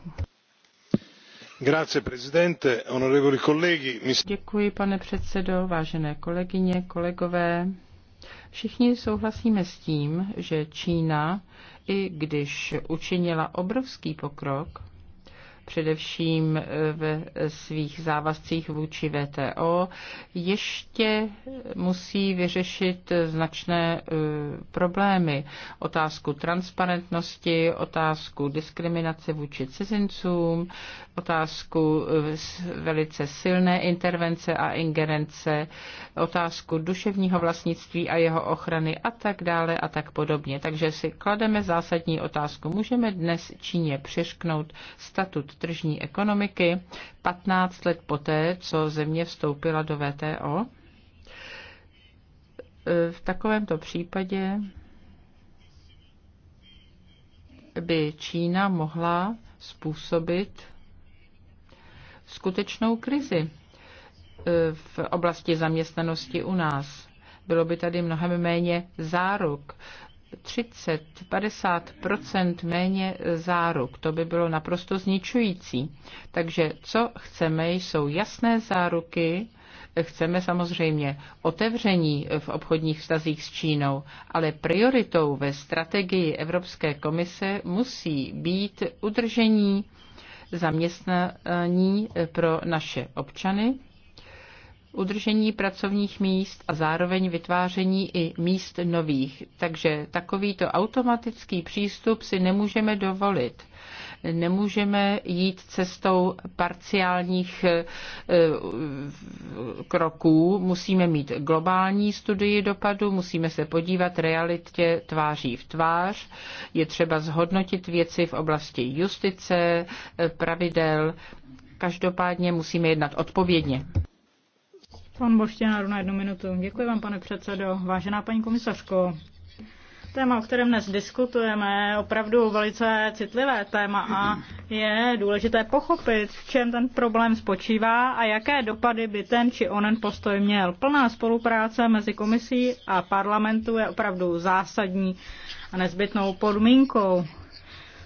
Děkuji, pane předsedo, vážené kolegyně, kolegové. Všichni souhlasíme s tím, že Čína, i když učinila obrovský pokrok, především eh, ve svých závazcích vůči VTO, ještě musí vyřešit značné eh, problémy. Otázku transparentnosti, otázku diskriminace vůči cizincům, otázku eh, velice silné intervence a ingerence, otázku duševního vlastnictví a jeho ochrany a tak dále a tak podobně. Takže si klademe zásadní otázku. Můžeme dnes Číně přešknout statut tržní ekonomiky 15 let poté, co země vstoupila do VTO. E, v takovémto případě by Čína mohla způsobit skutečnou krizi e, v oblasti zaměstnanosti u nás. Bylo by tady mnohem méně záruk 30-50 méně záruk. To by bylo naprosto zničující. Takže co chceme, jsou jasné záruky. Chceme samozřejmě otevření v obchodních vztazích s Čínou, ale prioritou ve strategii Evropské komise musí být udržení zaměstnaní pro naše občany udržení pracovních míst a zároveň vytváření i míst nových. Takže takovýto automatický přístup si nemůžeme dovolit. Nemůžeme jít cestou parciálních eh, eh, kroků, musíme mít globální studii dopadu, musíme se podívat realitě tváří v tvář, je třeba zhodnotit věci v oblasti justice, eh, pravidel, každopádně musíme jednat odpovědně. Pan Boštěnáru na jednu minutu. Děkuji vám, pane předsedo. Vážená paní komisařko, téma, o kterém dnes diskutujeme, je opravdu velice citlivé téma a je důležité pochopit, v čem ten problém spočívá a jaké dopady by ten či onen postoj měl. Plná spolupráce mezi komisí a parlamentu je opravdu zásadní a nezbytnou podmínkou.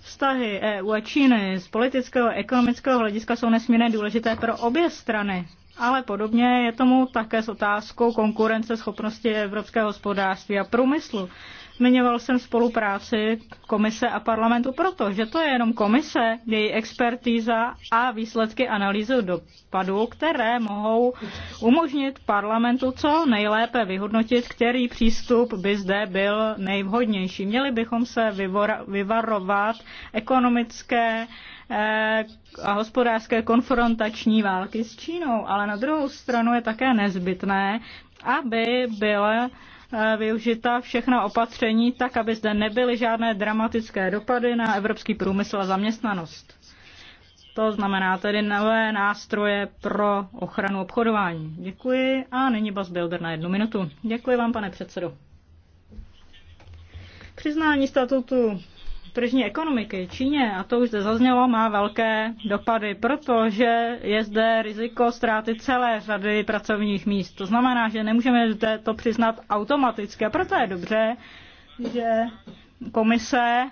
Vztahy EU a Číny z politického a ekonomického hlediska jsou nesmírně důležité pro obě strany. Ale podobně je tomu také s otázkou konkurence schopnosti evropského hospodářství a průmyslu. Zmiňoval jsem spolupráci komise a parlamentu proto, že to je jenom komise, její expertíza a výsledky analýzy dopadů, které mohou umožnit parlamentu co nejlépe vyhodnotit, který přístup by zde byl nejvhodnější. Měli bychom se vyvarovat ekonomické Eh, a hospodářské konfrontační války s Čínou, ale na druhou stranu je také nezbytné, aby byla eh, využita všechna opatření tak, aby zde nebyly žádné dramatické dopady na evropský průmysl a zaměstnanost. To znamená tedy nové nástroje pro ochranu obchodování. Děkuji a nyní Bas Builder na jednu minutu. Děkuji vám, pane předsedo. Přiznání statutu tržní ekonomiky Číně, a to už zde zaznělo, má velké dopady, protože je zde riziko ztráty celé řady pracovních míst. To znamená, že nemůžeme zde to přiznat automaticky. A proto je dobře, že komise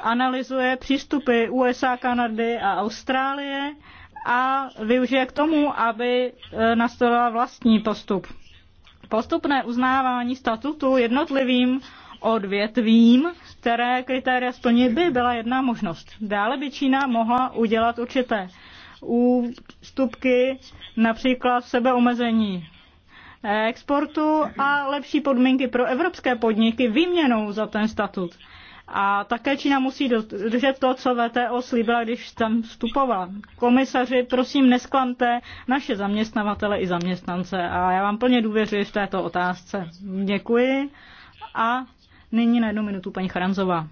analyzuje přístupy USA, Kanady a Austrálie a využije k tomu, aby e, nastolila vlastní postup. Postupné uznávání statutu jednotlivým odvětvím, které kritéria splnit by, byla jedna možnost. Dále by Čína mohla udělat určité ústupky, například sebeomezení exportu a lepší podmínky pro evropské podniky výměnou za ten statut. A také Čína musí držet to, co VTO slíbila, když tam vstupovala. Komisaři, prosím, nesklamte naše zaměstnavatele i zaměstnance. A já vám plně důvěřuji v této otázce. Děkuji a Nyní na jednu minutu paní Charanzová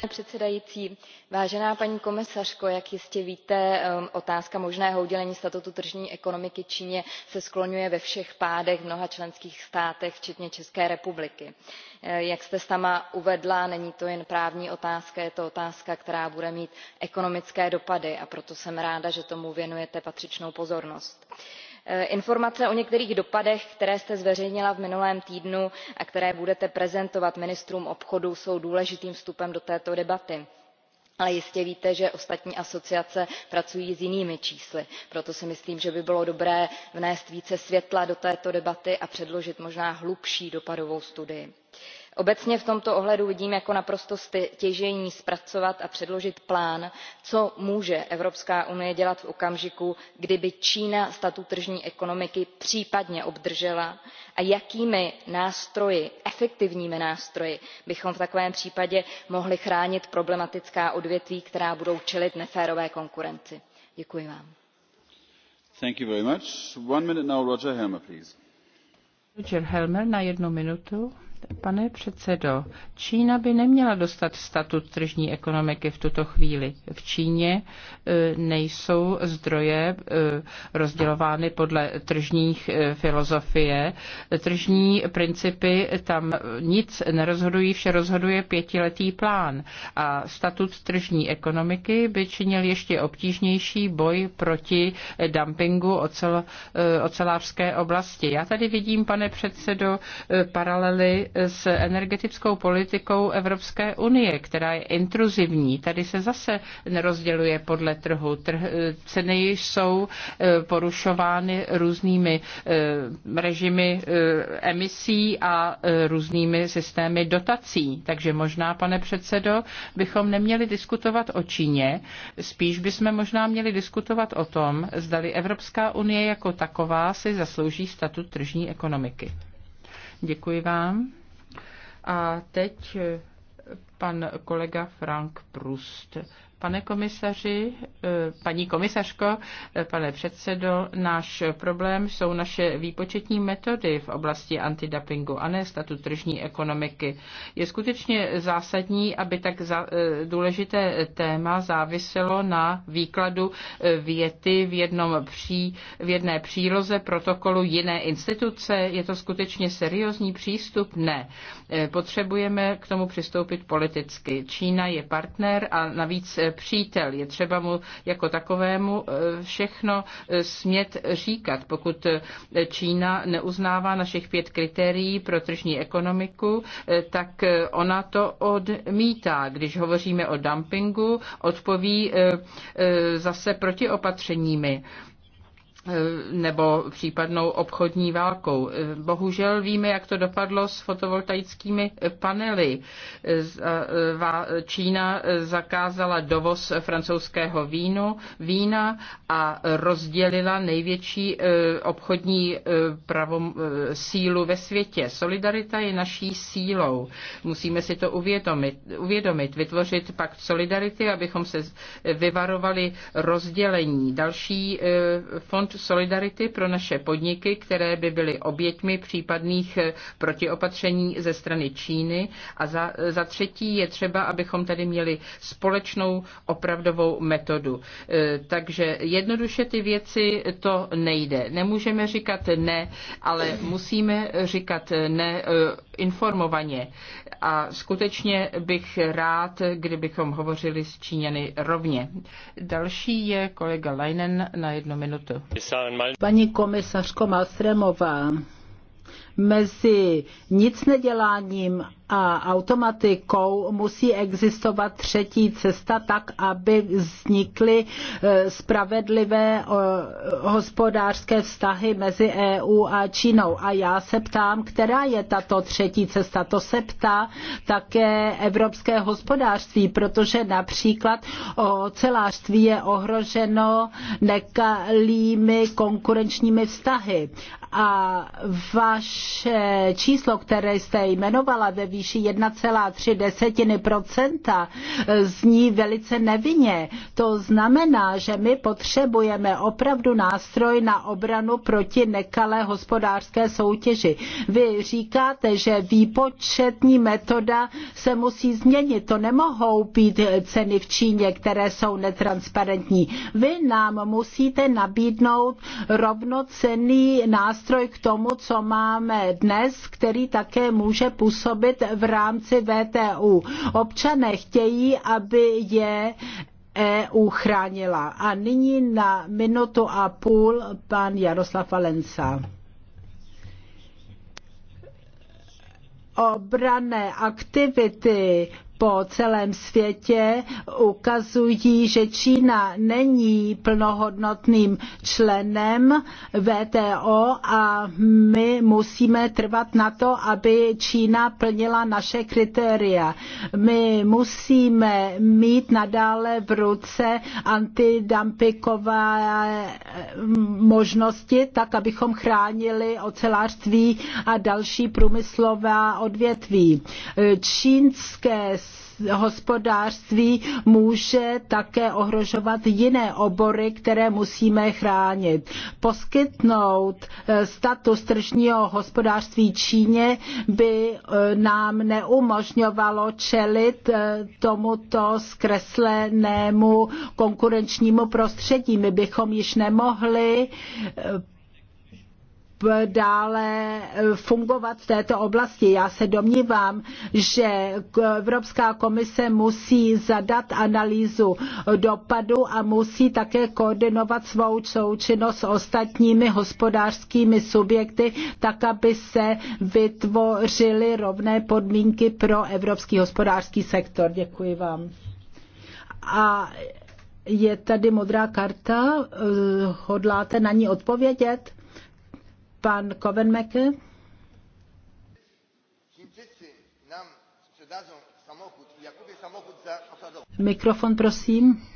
pane předsedající vážená paní komisařko jak jistě víte um, otázka možného udělení statutu tržní ekonomiky číně se skloňuje ve všech pádech v mnoha členských státech včetně české republiky. Eh, jak jste sama uvedla není to jen právní otázka je to otázka která bude mít ekonomické dopady a proto jsem ráda že tomu věnujete patřičnou pozornost. Eh, informace o některých dopadech které jste zveřejnila v minulém týdnu a které budete prezentovat ministrům obchodu jsou důležitým vstupem do této debaty ale jistě víte že ostatní asociace pracují s jinými čísly proto si myslím že by bylo dobré vnést více světla do této debaty a předložit možná hlubší dopadovou studii obecně v tomto ohledu vidím jako naprosto stěžejní zpracovat a předložit plán co může evropská unie dělat v okamžiku kdy by čína statut tržní ekonomiky případně obdržela a jakými nástroji efektivními nástroji bychom v takovém případě mohli chránit problematická odvětví která budou čelit neférové konkurenci. děkuji vám. Helmer, minutu. Pane předsedo, Čína by neměla dostat statut tržní ekonomiky v tuto chvíli. V Číně e, nejsou zdroje e, rozdělovány podle tržních e, filozofie. Tržní principy tam nic nerozhodují, vše rozhoduje pětiletý plán. A statut tržní ekonomiky by činil ještě obtížnější boj proti dumpingu ocel, ocelářské oblasti. Já tady vidím, pane předsedo, paralely s energetickou politikou Evropské unie, která je intruzivní. Tady se zase nerozděluje podle trhu. Trh, eh, ceny jsou eh, porušovány různými eh, režimy emisí a různými systémy dotací. Takže možná, pane předsedo, bychom neměli diskutovat o Číně, spíš bychom možná měli diskutovat o tom, zdali Evropská unie jako taková si zaslouží statut tržní ekonomiky. Děkuji vám. A teď pan kolega Frank Prust. Pane komisaři, eh, paní komisařko, eh, pane předsedo, náš problém jsou naše výpočetní metody v oblasti antidumpingu a ne statut tržní ekonomiky. Je skutečně zásadní, aby tak eh, důležité téma záviselo na výkladu věty v, jednom pří, v jedné příloze protokolu jiné instituce. Je to skutečně seriózní přístup? Ne. Potřebujeme k tomu přistoupit politicky. Čína je partner a navíc přítel. Je třeba mu jako takovému eh, všechno eh, smět říkat. Pokud eh, Čína neuznává našich pět kritérií pro tržní ekonomiku, tak ona to odmítá. Když hovoříme o dumpingu, odpoví zase protiopatřeními. Eh, nebo případnou obchodní válkou. Eh, bohužel víme, jak to dopadlo s fotovoltaickými panely. Eh, Čína zakázala dovoz francouzského vínu, vína a rozdělila největší obchodní pravom, sílu ve světě. Solidarita je naší sílou. Musíme si to uvědomit, uvědomit vytvořit pakt solidarity, abychom se vyvarovali rozdělení. Další fond Solidarity pro naše podniky, které by byly oběťmi případných eh, protiopatření ze strany Číny. A za, eh, za třetí je třeba, abychom tady měli společnou opravdovou metodu. Eh, takže jednoduše ty věci to nejde. Nemůžeme říkat ne, ale musíme říkat ne informovaně. A skutečně bych rád, kdybychom hovořili s Číňany rovně. Další je kolega Leinen na jednu minutu. Paní komisařko Malstremová, mezi nic neděláním a automatikou musí existovat třetí cesta tak, aby vznikly eh, spravedlivé eh, hospodářské vztahy mezi EU a Čínou. A já se ptám, která je tato třetí cesta. To se ptá také evropské hospodářství, protože například ocelářství je ohroženo nekalými konkurenčními vztahy a vaše číslo, které jste jmenovala ve výši 1,3 procenta zní velice nevinně. To znamená, že my potřebujeme opravdu nástroj na obranu proti nekalé hospodářské soutěži. Vy říkáte, že výpočetní metoda se musí změnit. To nemohou být ceny v Číně, které jsou netransparentní. Vy nám musíte nabídnout rovnocenný nástroj nástroj k tomu, co máme dnes, který také může působit v rámci VTU. Občané chtějí, aby je EU chránila. A nyní na minutu a půl pan Jaroslav Valenca. Obrané aktivity po celém světě ukazují, že Čína není plnohodnotným členem VTO a my musíme trvat na to, aby Čína plnila naše kritéria. My musíme mít nadále v ruce antidumpikové možnosti, tak abychom chránili ocelářství a další průmyslová odvětví. Čínské hospodářství může také ohrožovat jiné obory, které musíme chránit. Poskytnout eh, status tržního hospodářství Číně by eh, nám neumožňovalo čelit eh, tomuto zkreslenému konkurenčnímu prostředí. My bychom již nemohli dále eh, fungovat v této oblasti. Já se domnívám, že Evropská komise musí zadat analýzu dopadu a musí také koordinovat svou součinnost s ostatními hospodářskými subjekty, tak aby se vytvořily rovné podmínky pro evropský hospodářský sektor. Děkuji vám. A je tady modrá karta, eh, hodláte na ní odpovědět? Pan Kovenmeke. Mikrofon, prosím.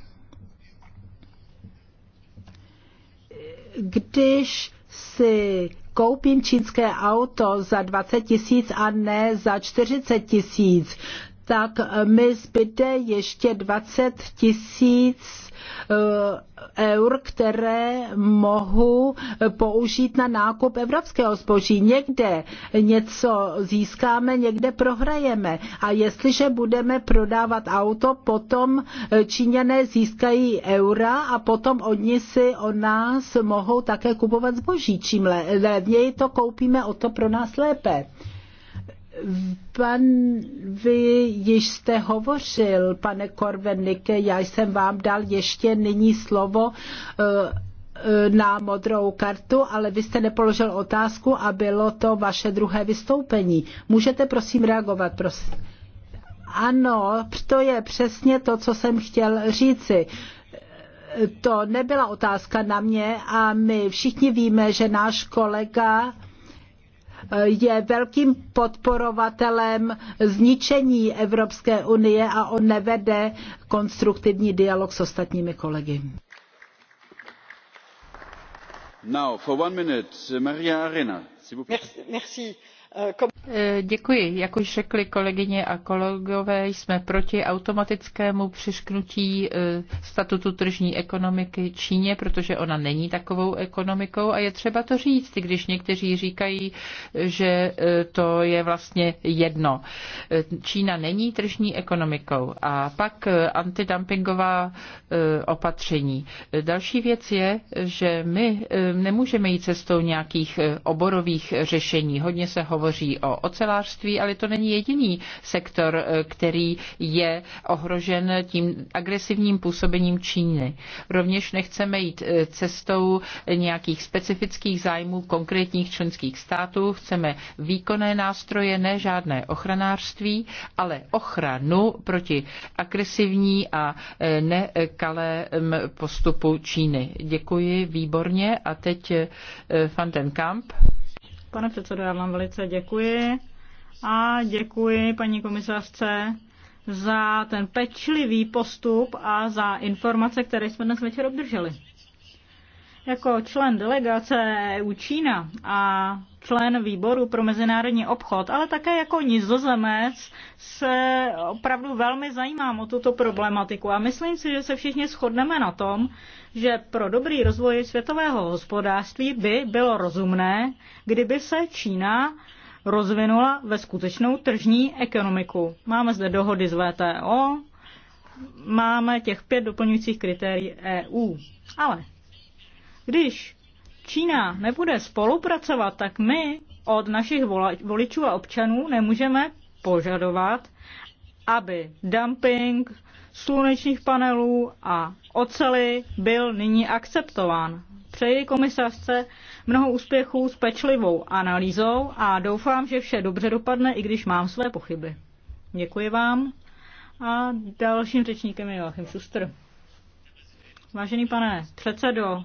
Když si koupím čínské auto za 20 tisíc a ne za 40 tisíc, tak mi zbyde ještě 20 tisíc Eh, eur, které mohu použít na nákup evropského zboží. Někde něco získáme, někde prohrajeme. A jestliže budeme prodávat auto, potom eh, Číňané získají eura a potom oni si o nás mohou také kupovat zboží. Čím levněji to koupíme, o to pro nás lépe. Pan, vy již jste hovořil, pane Korvenike, já jsem vám dal ještě nyní slovo eh, eh, na modrou kartu, ale vy jste nepoložil otázku a bylo to vaše druhé vystoupení. Můžete prosím reagovat, prosím. Ano, to je přesně to, co jsem chtěl říci to nebyla otázka na mě a my všichni víme, že náš kolega je velkým podporovatelem zničení Evropské unie a on nevede konstruktivní dialog s ostatními kolegy. Now, for one minute, Maria Arena. Merci. Merci. Euh, E, děkuji. Jak už řekli kolegyně a kolegové, jsme proti automatickému přišknutí e, statutu tržní ekonomiky Číně, protože ona není takovou ekonomikou a je třeba to říct, když někteří říkají, že e, to je vlastně jedno. Čína není tržní ekonomikou a pak antidumpingová opatření. Další věc je, že my nemůžeme jít cestou nějakých oborových řešení. Hodně se hovoří o ocelářství, ale to není jediný sektor, eh, který je ohrožen tím agresivním působením Číny. Rovněž nechceme jít eh, cestou nějakých specifických zájmů konkrétních členských států, chceme výkonné nástroje, ne žádné ochranářství, ale ochranu proti agresivní a eh, nekalé postupu Číny. Děkuji výborně a teď Fanden Kamp. Pane předsedo, já vám velice děkuji a děkuji paní komisařce za ten pečlivý postup a za informace, které jsme dnes večer obdrželi. Jako člen delegace EU Čína a člen výboru pro mezinárodní obchod, ale také jako nizozemec se opravdu velmi zajímám o tuto problematiku a myslím si, že se všichni shodneme na tom, že pro dobrý rozvoj světového hospodářství by bylo rozumné, kdyby se Čína rozvinula ve skutečnou tržní ekonomiku. Máme zde dohody z VTO, máme těch pět doplňujících kritérií EU. Ale když Čína nebude spolupracovat, tak my od našich voličů a občanů nemůžeme požadovat, aby dumping slunečních panelů a ocely byl nyní akceptován. Přeji komisařce mnoho úspěchů s pečlivou analýzou a doufám, že vše dobře dopadne, i když mám své pochyby. Děkuji vám. A dalším řečníkem je Joachim Šuster. Vážený pane předsedo,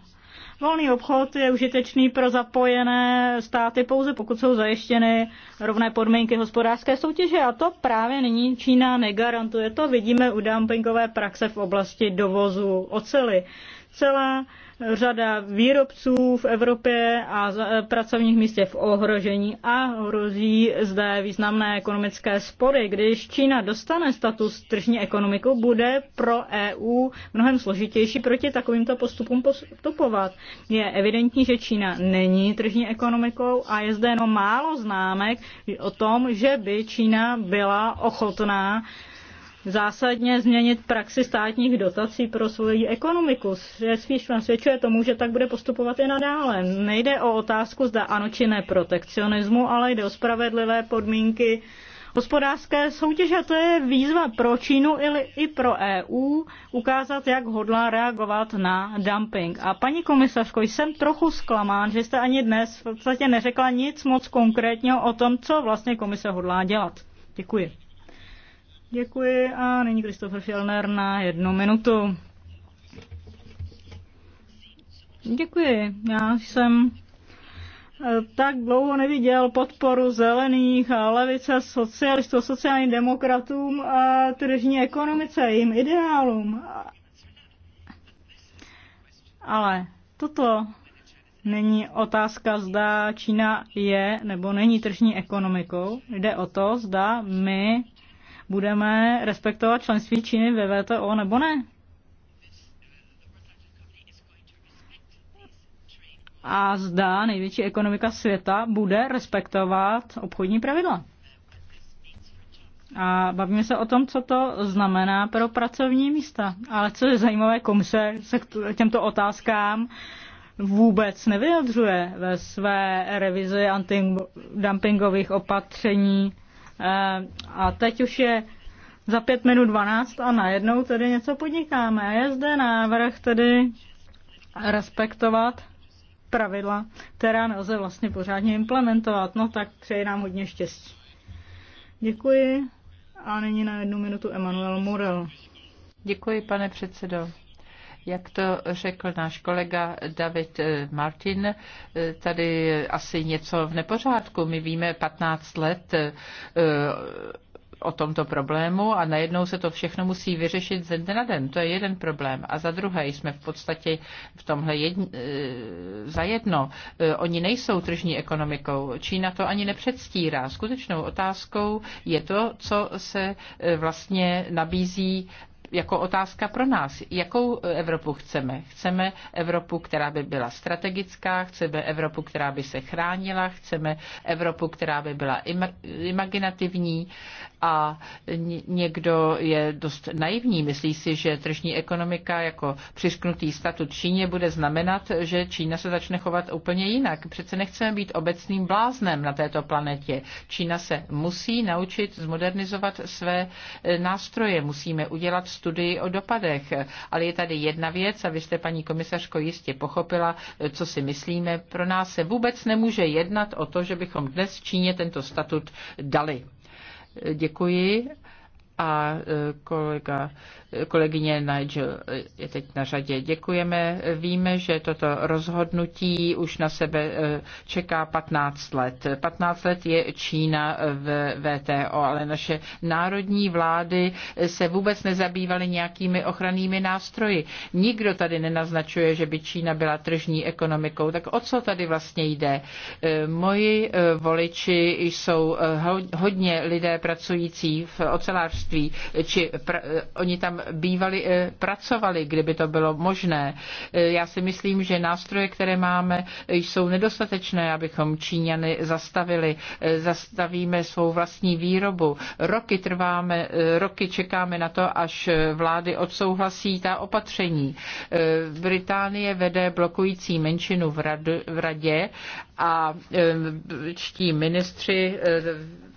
Volný obchod je užitečný pro zapojené státy pouze pokud jsou zajištěny rovné podmínky hospodářské soutěže a to právě nyní Čína negarantuje. To vidíme u dumpingové praxe v oblasti dovozu ocely. Celá řada výrobců v Evropě a eh, pracovních míst je v ohrožení a hrozí zde významné ekonomické spory. Když Čína dostane status tržní ekonomiku, bude pro EU mnohem složitější proti takovýmto postupům postupovat. Je evidentní, že Čína není tržní ekonomikou a je zde jenom málo známek o tom, že by Čína byla ochotná zásadně změnit praxi státních dotací pro svoji ekonomiku. Že spíš svědčuje tomu, že tak bude postupovat i nadále. Nejde o otázku, zda ano či ne protekcionismu, ale jde o spravedlivé podmínky hospodářské soutěže. To je výzva pro Čínu i pro EU ukázat, jak hodlá reagovat na dumping. A paní komisařko, jsem trochu zklamán, že jste ani dnes v podstatě neřekla nic moc konkrétního o tom, co vlastně komise hodlá dělat. Děkuji. Děkuji a nyní Kristofer Fjellner na jednu minutu. Děkuji. Já jsem eh, tak dlouho neviděl podporu zelených a levice socialistů, sociálním demokratům a tržní ekonomice, jim ideálům. Ale toto není otázka, zda Čína je nebo není tržní ekonomikou. Jde o to, zda my budeme respektovat členství Číny ve VTO nebo ne. A zda největší ekonomika světa bude respektovat obchodní pravidla. A bavíme se o tom, co to znamená pro pracovní místa. Ale co je zajímavé, komise se k těmto otázkám vůbec nevyjadřuje ve své revizi antidumpingových opatření Eh, a teď už je za pět minut 12 a najednou tedy něco podnikáme. A je zde návrh tedy respektovat pravidla, která nelze vlastně pořádně implementovat. No tak přeji nám hodně štěstí. Děkuji. A nyní na jednu minutu Emanuel Morel. Děkuji, pane předsedo. Jak to řekl náš kolega David eh, Martin, eh, tady asi něco v nepořádku. My víme 15 let eh, o tomto problému a najednou se to všechno musí vyřešit ze dne na den. To je jeden problém. A za druhé jsme v podstatě v tomhle jedn, za jedno. Oni nejsou tržní ekonomikou. Čína to ani nepředstírá. Skutečnou otázkou je to, co se vlastně nabízí jako otázka pro nás. Jakou Evropu chceme? Chceme Evropu, která by byla strategická, chceme Evropu, která by se chránila, chceme Evropu, která by byla imaginativní a někdo je dost naivní. Myslí si, že tržní ekonomika jako přisknutý statut Číně bude znamenat, že Čína se začne chovat úplně jinak. Přece nechceme být obecným bláznem na této planetě. Čína se musí naučit zmodernizovat své e, nástroje. Musíme udělat studii o dopadech. Ale je tady jedna věc a vy jste, paní komisařko, jistě pochopila, co si myslíme. Pro nás se vůbec nemůže jednat o to, že bychom dnes v Číně tento statut dali. Děkuji a e, kolega, kolegyně Nigel je teď na řadě. Děkujeme. Víme, že toto rozhodnutí už na sebe e, čeká 15 let. 15 let je Čína v VTO, ale naše národní vlády se vůbec nezabývaly nějakými ochrannými nástroji. Nikdo tady nenaznačuje, že by Čína byla tržní ekonomikou. Tak o co tady vlastně jde? E, moji voliči jsou hodně lidé pracující v ocelářství otroctví, či pr- oni tam bývali, eh, pracovali, kdyby to bylo možné. Eh, já si myslím, že nástroje, které máme, eh, jsou nedostatečné, abychom Číňany zastavili. Zastavíme svou vlastní výrobu. Roky trváme, roky čekáme na to, až vlády odsouhlasí ta opatření. Británie vede blokující menšinu v, rad- v radě a čtí ministři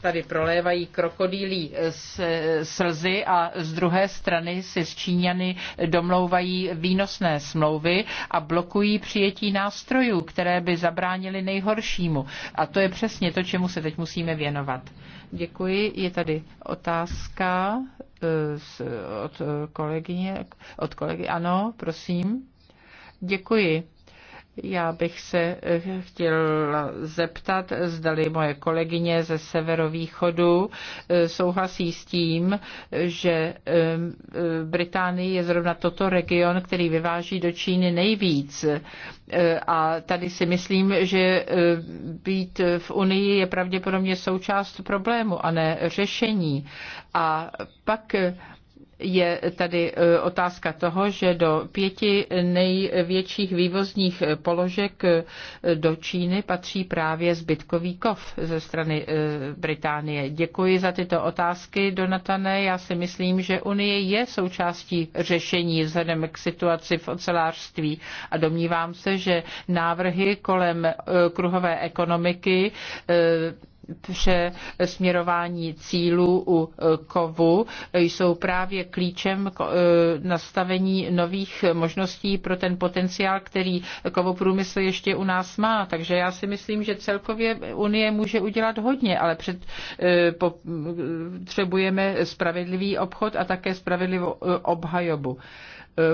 tady prolévají krokodýlí eh, slzy a z druhé strany si s Číňany domlouvají výnosné smlouvy a blokují přijetí nástrojů, které by zabránili nejhoršímu. A to je přesně to, čemu se teď musíme věnovat. Děkuji. Je tady otázka eh, od kolegyně, od kolegy. Ano, prosím. Děkuji. Já bych se eh, chtěla zeptat, zdali moje kolegyně ze severovýchodu eh, souhlasí s tím, že eh, Británii je zrovna toto region, který vyváží do Číny nejvíc. A tady si myslím, že být v Unii je pravděpodobně součást problému a ne řešení. A pak je tady e, otázka toho, že do pěti největších vývozních položek e, do Číny patří právě zbytkový kov ze strany e, Británie. Děkuji za tyto otázky, Donatane. Já si myslím, že Unie je součástí řešení vzhledem k situaci v ocelářství a domnívám se, že návrhy kolem kruhové ekonomiky přesměrování cílů u e, kovu jsou právě klíčem k e, nastavení nových možností pro ten potenciál, který kovoprůmysl ještě u nás má. Takže já si myslím, že celkově Unie může udělat hodně, ale před, e, potřebujeme spravedlivý obchod a také spravedlivou obhajobu.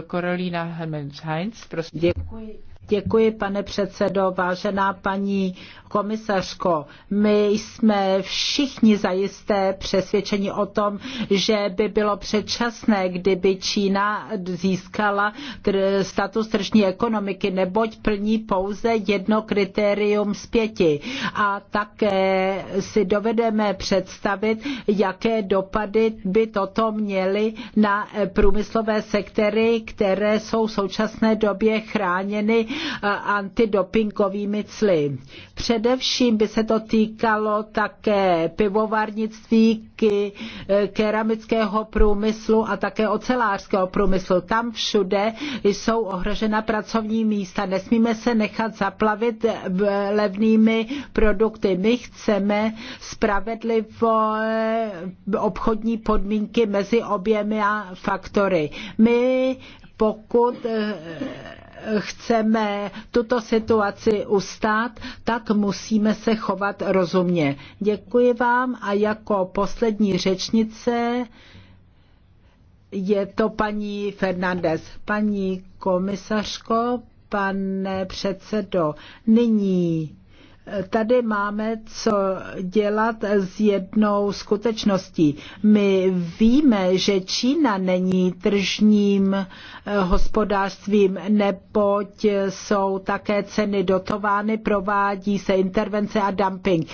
Karolína Hermens-Heinz, prosím. Děkuji. Děkuji, pane předsedo, vážená paní komisařko. My jsme všichni zajisté přesvědčeni o tom, že by bylo předčasné, kdyby Čína získala status tržní ekonomiky, neboť plní pouze jedno kritérium z pěti. A také si dovedeme představit, jaké dopady by toto měly na průmyslové sektory, které jsou v současné době chráněny Eh, antidopingovými cly. Především by se to týkalo také pivovarnictví, eh, keramického průmyslu a také ocelářského průmyslu. Tam všude jsou ohrožena pracovní místa. Nesmíme se nechat zaplavit eh, levnými produkty. My chceme spravedlivé obchodní podmínky mezi oběma faktory. My pokud chceme tuto situaci ustát, tak musíme se chovat rozumně. Děkuji vám a jako poslední řečnice je to paní Fernandez. Paní komisařko, pane předsedo, nyní Tady máme co dělat s jednou skutečností. My víme, že Čína není tržním eh, hospodářstvím, neboť jsou také ceny dotovány, provádí se intervence a dumping.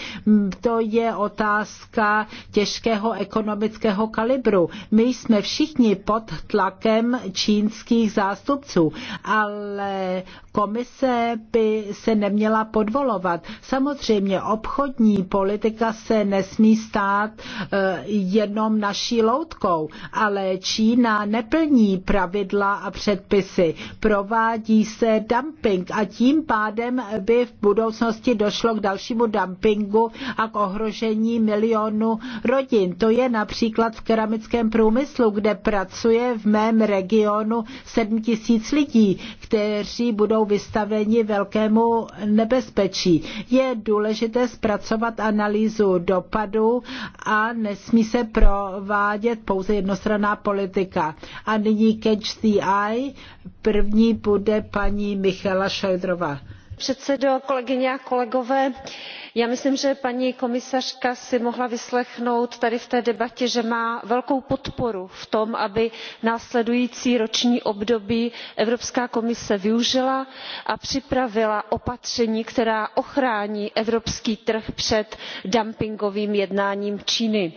To je otázka těžkého ekonomického kalibru. My jsme všichni pod tlakem čínských zástupců, ale komise by se neměla podvolovat Samozřejmě obchodní politika se nesmí stát eh, jenom naší loutkou, ale Čína neplní pravidla a předpisy. Provádí se dumping a tím pádem by v budoucnosti došlo k dalšímu dumpingu a k ohrožení milionu rodin. To je například v keramickém průmyslu, kde pracuje v mém regionu 7 tisíc lidí, kteří budou vystaveni velkému nebezpečí je důležité zpracovat analýzu dopadu a nesmí se provádět pouze jednostranná politika. A nyní Catch the Eye. První bude paní Michala Šojdrova předsedo kolegyně a kolegové já myslím že paní komisařka si mohla vyslechnout tady v té debatě že má velkou podporu v tom aby následující roční období evropská komise využila a připravila opatření která ochrání evropský trh před dumpingovým jednáním číny.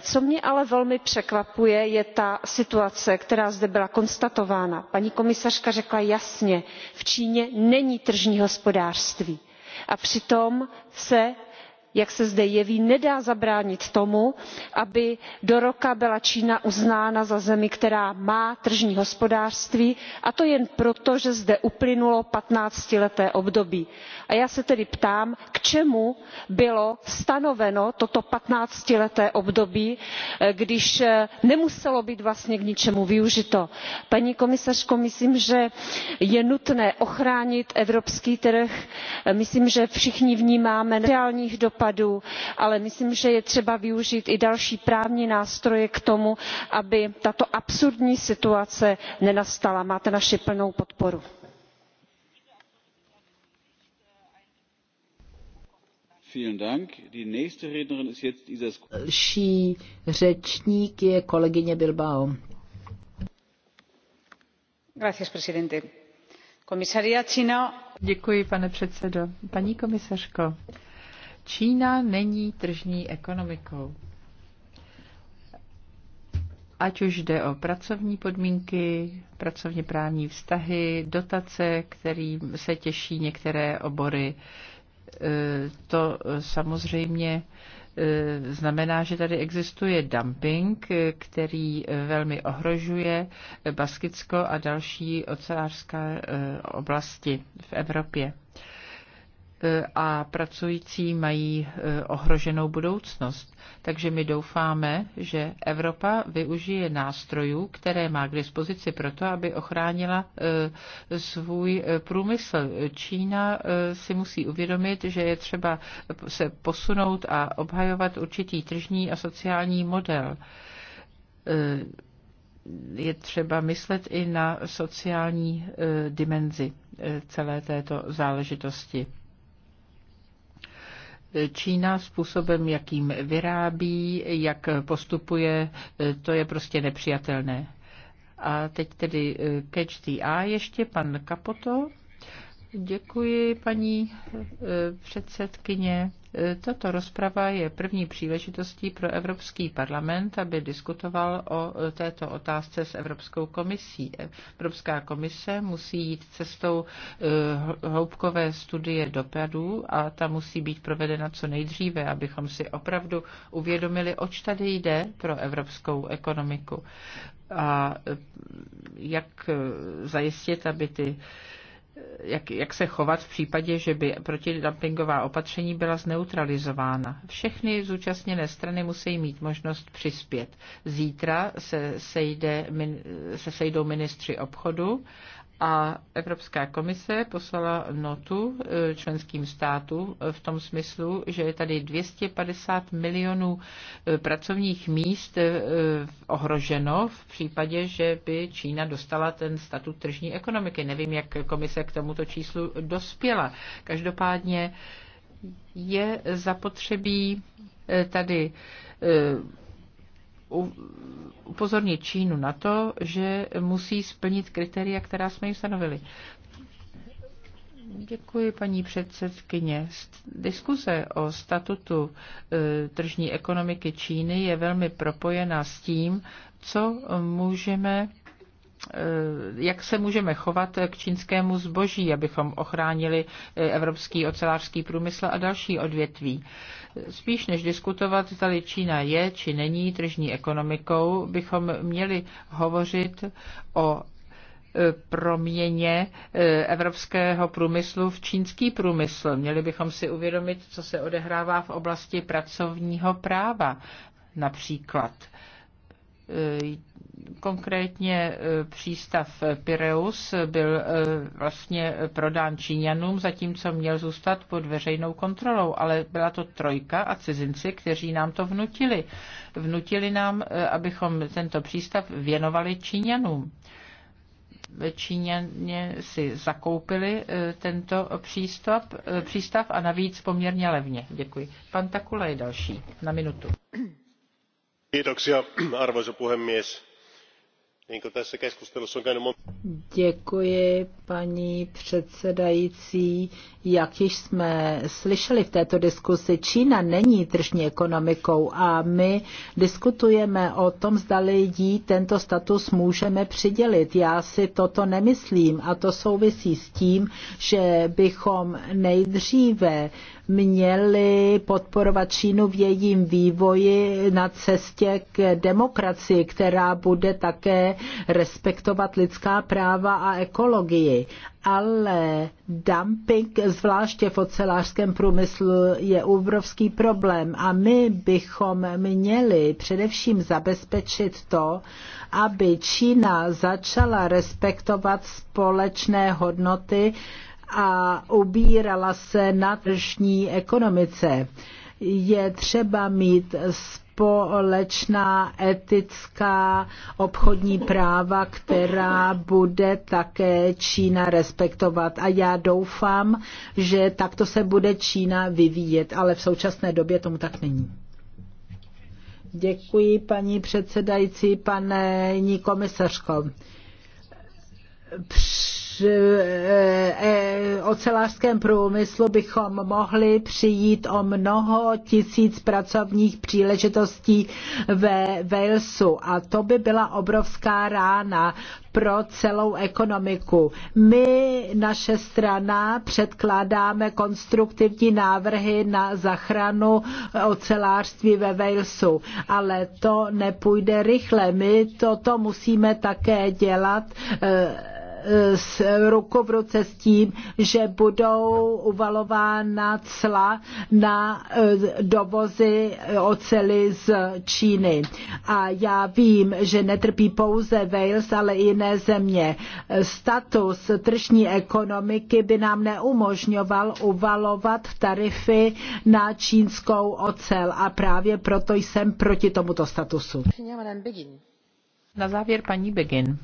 co mě ale velmi překvapuje je ta situace která zde byla konstatována. paní komisařka řekla jasně v číně není tržní hospodářství a přitom se jak se zde jeví nedá zabránit tomu aby do roka byla čína uznána za zemi která má tržní hospodářství a to jen proto že zde uplynulo patnáctileté období. a já se tedy ptám k čemu bylo stanoveno toto patnáctileté období eh, když eh, nemuselo být vlastně k ničemu využito. paní komisařko myslím že je nutné ochránit evropský trh eh, myslím že všichni vnímáme sociální dopady případů ale myslím že je třeba využít i další právní nástroje k tomu aby tato absurdní situace nenastala. máte naši plnou podporu. je kolegyně bilbao. pane předsedo. Paní komisařko, Čína není tržní ekonomikou. Ať už jde o pracovní podmínky, pracovně právní vztahy, dotace, kterým se těší některé obory, e, to samozřejmě e, znamená, že tady existuje dumping, který velmi ohrožuje Baskicko a další ocelářské e, oblasti v Evropě a pracující mají e, ohroženou budoucnost. Takže my doufáme, že Evropa využije nástrojů, které má k dispozici proto, aby ochránila e, svůj e, průmysl. Čína si musí uvědomit, že je třeba se posunout a obhajovat určitý tržní a sociální model je třeba myslet i na sociální dimenzi celé této záležitosti. Čína, způsobem, jakým vyrábí, jak postupuje, to je prostě nepřijatelné. A teď tedy eh, catch the a ještě, pan Kapoto. Děkuji, paní eh, předsedkyně. Tato rozprava je první příležitostí pro Evropský parlament, aby diskutoval o této otázce s Evropskou komisí. Evropská komise musí jít cestou eh, hloubkové studie dopadů a ta musí být provedena co nejdříve, abychom si opravdu uvědomili, oč tady jde pro evropskou ekonomiku a eh, jak eh, zajistit, aby ty jak, jak se chovat v případě, že by protidumpingová opatření byla zneutralizována. Všechny zúčastněné strany musí mít možnost přispět. Zítra se, sejde, se sejdou ministři obchodu a Evropská komise poslala notu e, členským státům v tom smyslu, že je tady 250 milionů e, pracovních míst e, ohroženo v případě, že by Čína dostala ten statut tržní ekonomiky. Nevím, jak komise k tomuto číslu dospěla. Každopádně je zapotřebí tady upozornit Čínu na to, že musí splnit kritéria, která jsme jim stanovili. Děkuji, paní předsedkyně. Diskuze o statutu e, tržní ekonomiky Číny je velmi propojena s tím, co můžeme Eh, jak se můžeme chovat k čínskému zboží, abychom ochránili eh, evropský ocelářský průmysl a další odvětví. Spíš než diskutovat, zda Čína je či není tržní ekonomikou, bychom měli hovořit o eh, proměně evropského průmyslu v čínský průmysl. Měli bychom si uvědomit, co se odehrává v oblasti pracovního práva například. Eh, konkrétně eh, přístav Pireus byl eh, vlastně prodán Číňanům, zatímco měl zůstat pod veřejnou kontrolou, ale byla to trojka a cizinci, kteří nám to vnutili. Vnutili nám, abychom tento přístav věnovali Číňanům. Číňané si zakoupili tento přístav, přístav a navíc poměrně levně. Děkuji. Pan Takula je další na minutu. arvoisa puhemies niin kuin tässä keskustelussa on käynyt Děkuji, paní předsedající. Jak již jsme slyšeli v této diskusi, Čína není tržní ekonomikou a my diskutujeme o tom, zdali jí tento status můžeme přidělit. Já si toto nemyslím a to souvisí s tím, že bychom nejdříve měli podporovat Čínu v jejím vývoji na cestě k demokracii, která bude také respektovat lidská práva a ekologii. Ale dumping, zvláště v ocelářském průmyslu, je obrovský problém a my bychom měli především zabezpečit to, aby Čína začala respektovat společné hodnoty, a ubírala se na tržní ekonomice. Je třeba mít společná etická obchodní práva, která bude také Čína respektovat. A já doufám, že takto se bude Čína vyvíjet, ale v současné době tomu tak není. Děkuji, paní předsedající, paní komisařko. Při Eh, eh, ocelářském průmyslu bychom mohli přijít o mnoho tisíc pracovních příležitostí ve Walesu a to by byla obrovská rána pro celou ekonomiku. My, naše strana, předkládáme konstruktivní návrhy na zachranu ocelářství ve Walesu, ale to nepůjde rychle. My toto musíme také dělat eh, s ruku v ruce s tím, že budou uvalována cla na e, dovozy ocely z Číny. A já vím, že netrpí pouze Wales, ale i jiné země. Status tržní ekonomiky by nám neumožňoval uvalovat tarify na čínskou ocel a právě proto jsem proti tomuto statusu. Na závěr paní Begin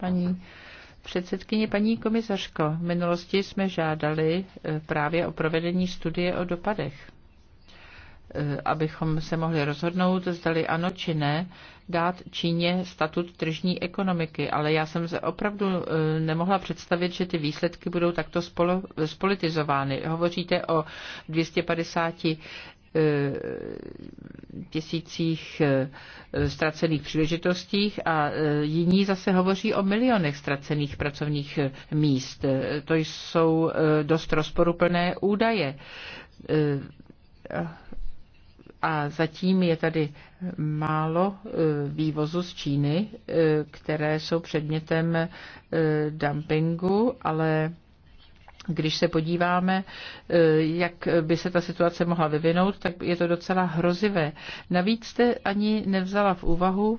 paní předsedkyně, paní komisařko. V minulosti jsme žádali eh, právě o provedení studie o dopadech eh, abychom se mohli rozhodnout, zdali ano či ne, dát Číně statut tržní ekonomiky. Ale já jsem se opravdu eh, nemohla představit, že ty výsledky budou takto zpolitizovány. spolitizovány. Hovoříte o 250 Eh, tisících eh, ztracených příležitostích a eh, jiní zase hovoří o milionech ztracených pracovních míst. To jsou dost rozporuplné údaje a zatím je tady málo vývozu z Číny, které jsou předmětem dumpingu, ale když se podíváme, eh, jak by se ta situace mohla vyvinout, tak je to docela hrozivé. Navíc jste ani nevzala v úvahu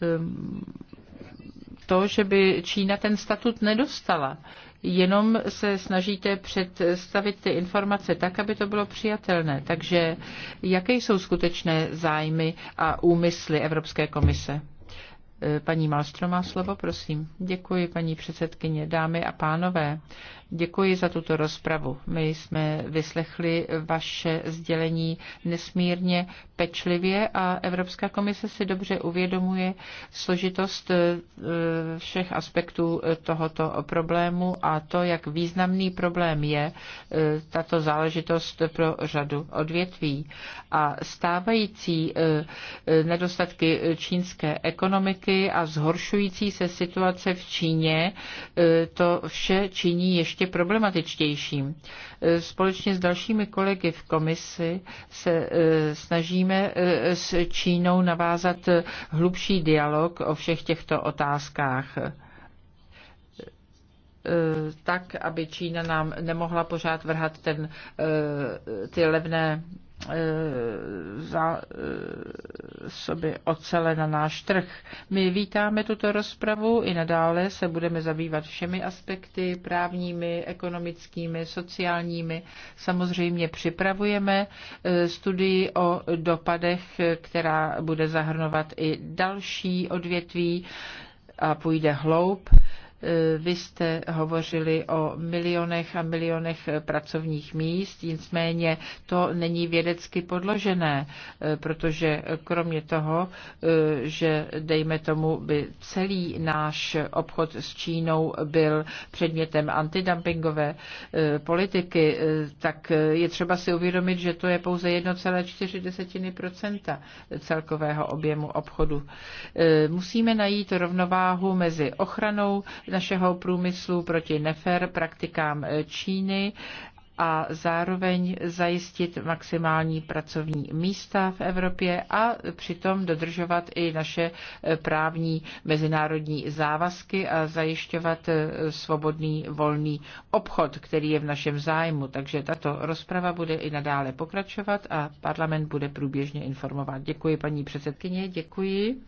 ehm, to, že by Čína ten statut nedostala. Jenom se snažíte představit ty informace tak, aby to bylo přijatelné. Takže jaké jsou skutečné zájmy a úmysly Evropské komise? Eh, paní má slovo, prosím. Děkuji, paní předsedkyně, dámy a pánové. Děkuji za tuto rozpravu. My jsme vyslechli vaše sdělení nesmírně pečlivě a Evropská komise si dobře uvědomuje složitost eh, všech aspektů eh, tohoto problému a to, jak významný problém je tato záležitost pro řadu odvětví. A stávající nedostatky čínské ekonomiky války a zhoršující se situace v Číně e, to vše činí ještě problematičtějším. E, společně s dalšími kolegy v komisi se e, snažíme s Čínou navázat hlubší dialog o všech těchto otázkách tak, aby Čína nám nemohla pořád vrhat ten, ty levné Eh, eh, sobě ocele na náš trh. My vítáme tuto rozpravu i nadále se budeme zabývat všemi aspekty právními, ekonomickými, sociálními. Samozřejmě připravujeme eh, studii o dopadech, která bude zahrnovat i další odvětví a půjde hloub Eh, vy jste hovořili o milionech a milionech pracovních míst, nicméně to není vědecky podložené, eh, protože kromě toho, eh, že dejme tomu, by celý náš obchod s Čínou byl předmětem antidumpingové politiky, tak je třeba si uvědomit, že to je pouze 1,4 celkového objemu obchodu. Musíme najít rovnováhu mezi ochranou našeho průmyslu proti nefer praktikám eh, Číny a zároveň zajistit maximální pracovní místa v Evropě a přitom dodržovat i naše eh, právní mezinárodní závazky a zajišťovat eh, svobodný volný obchod, který je v našem zájmu. Takže tato rozprava bude i nadále pokračovat a parlament bude průběžně informovat. Děkuji paní předsedkyně, děkuji.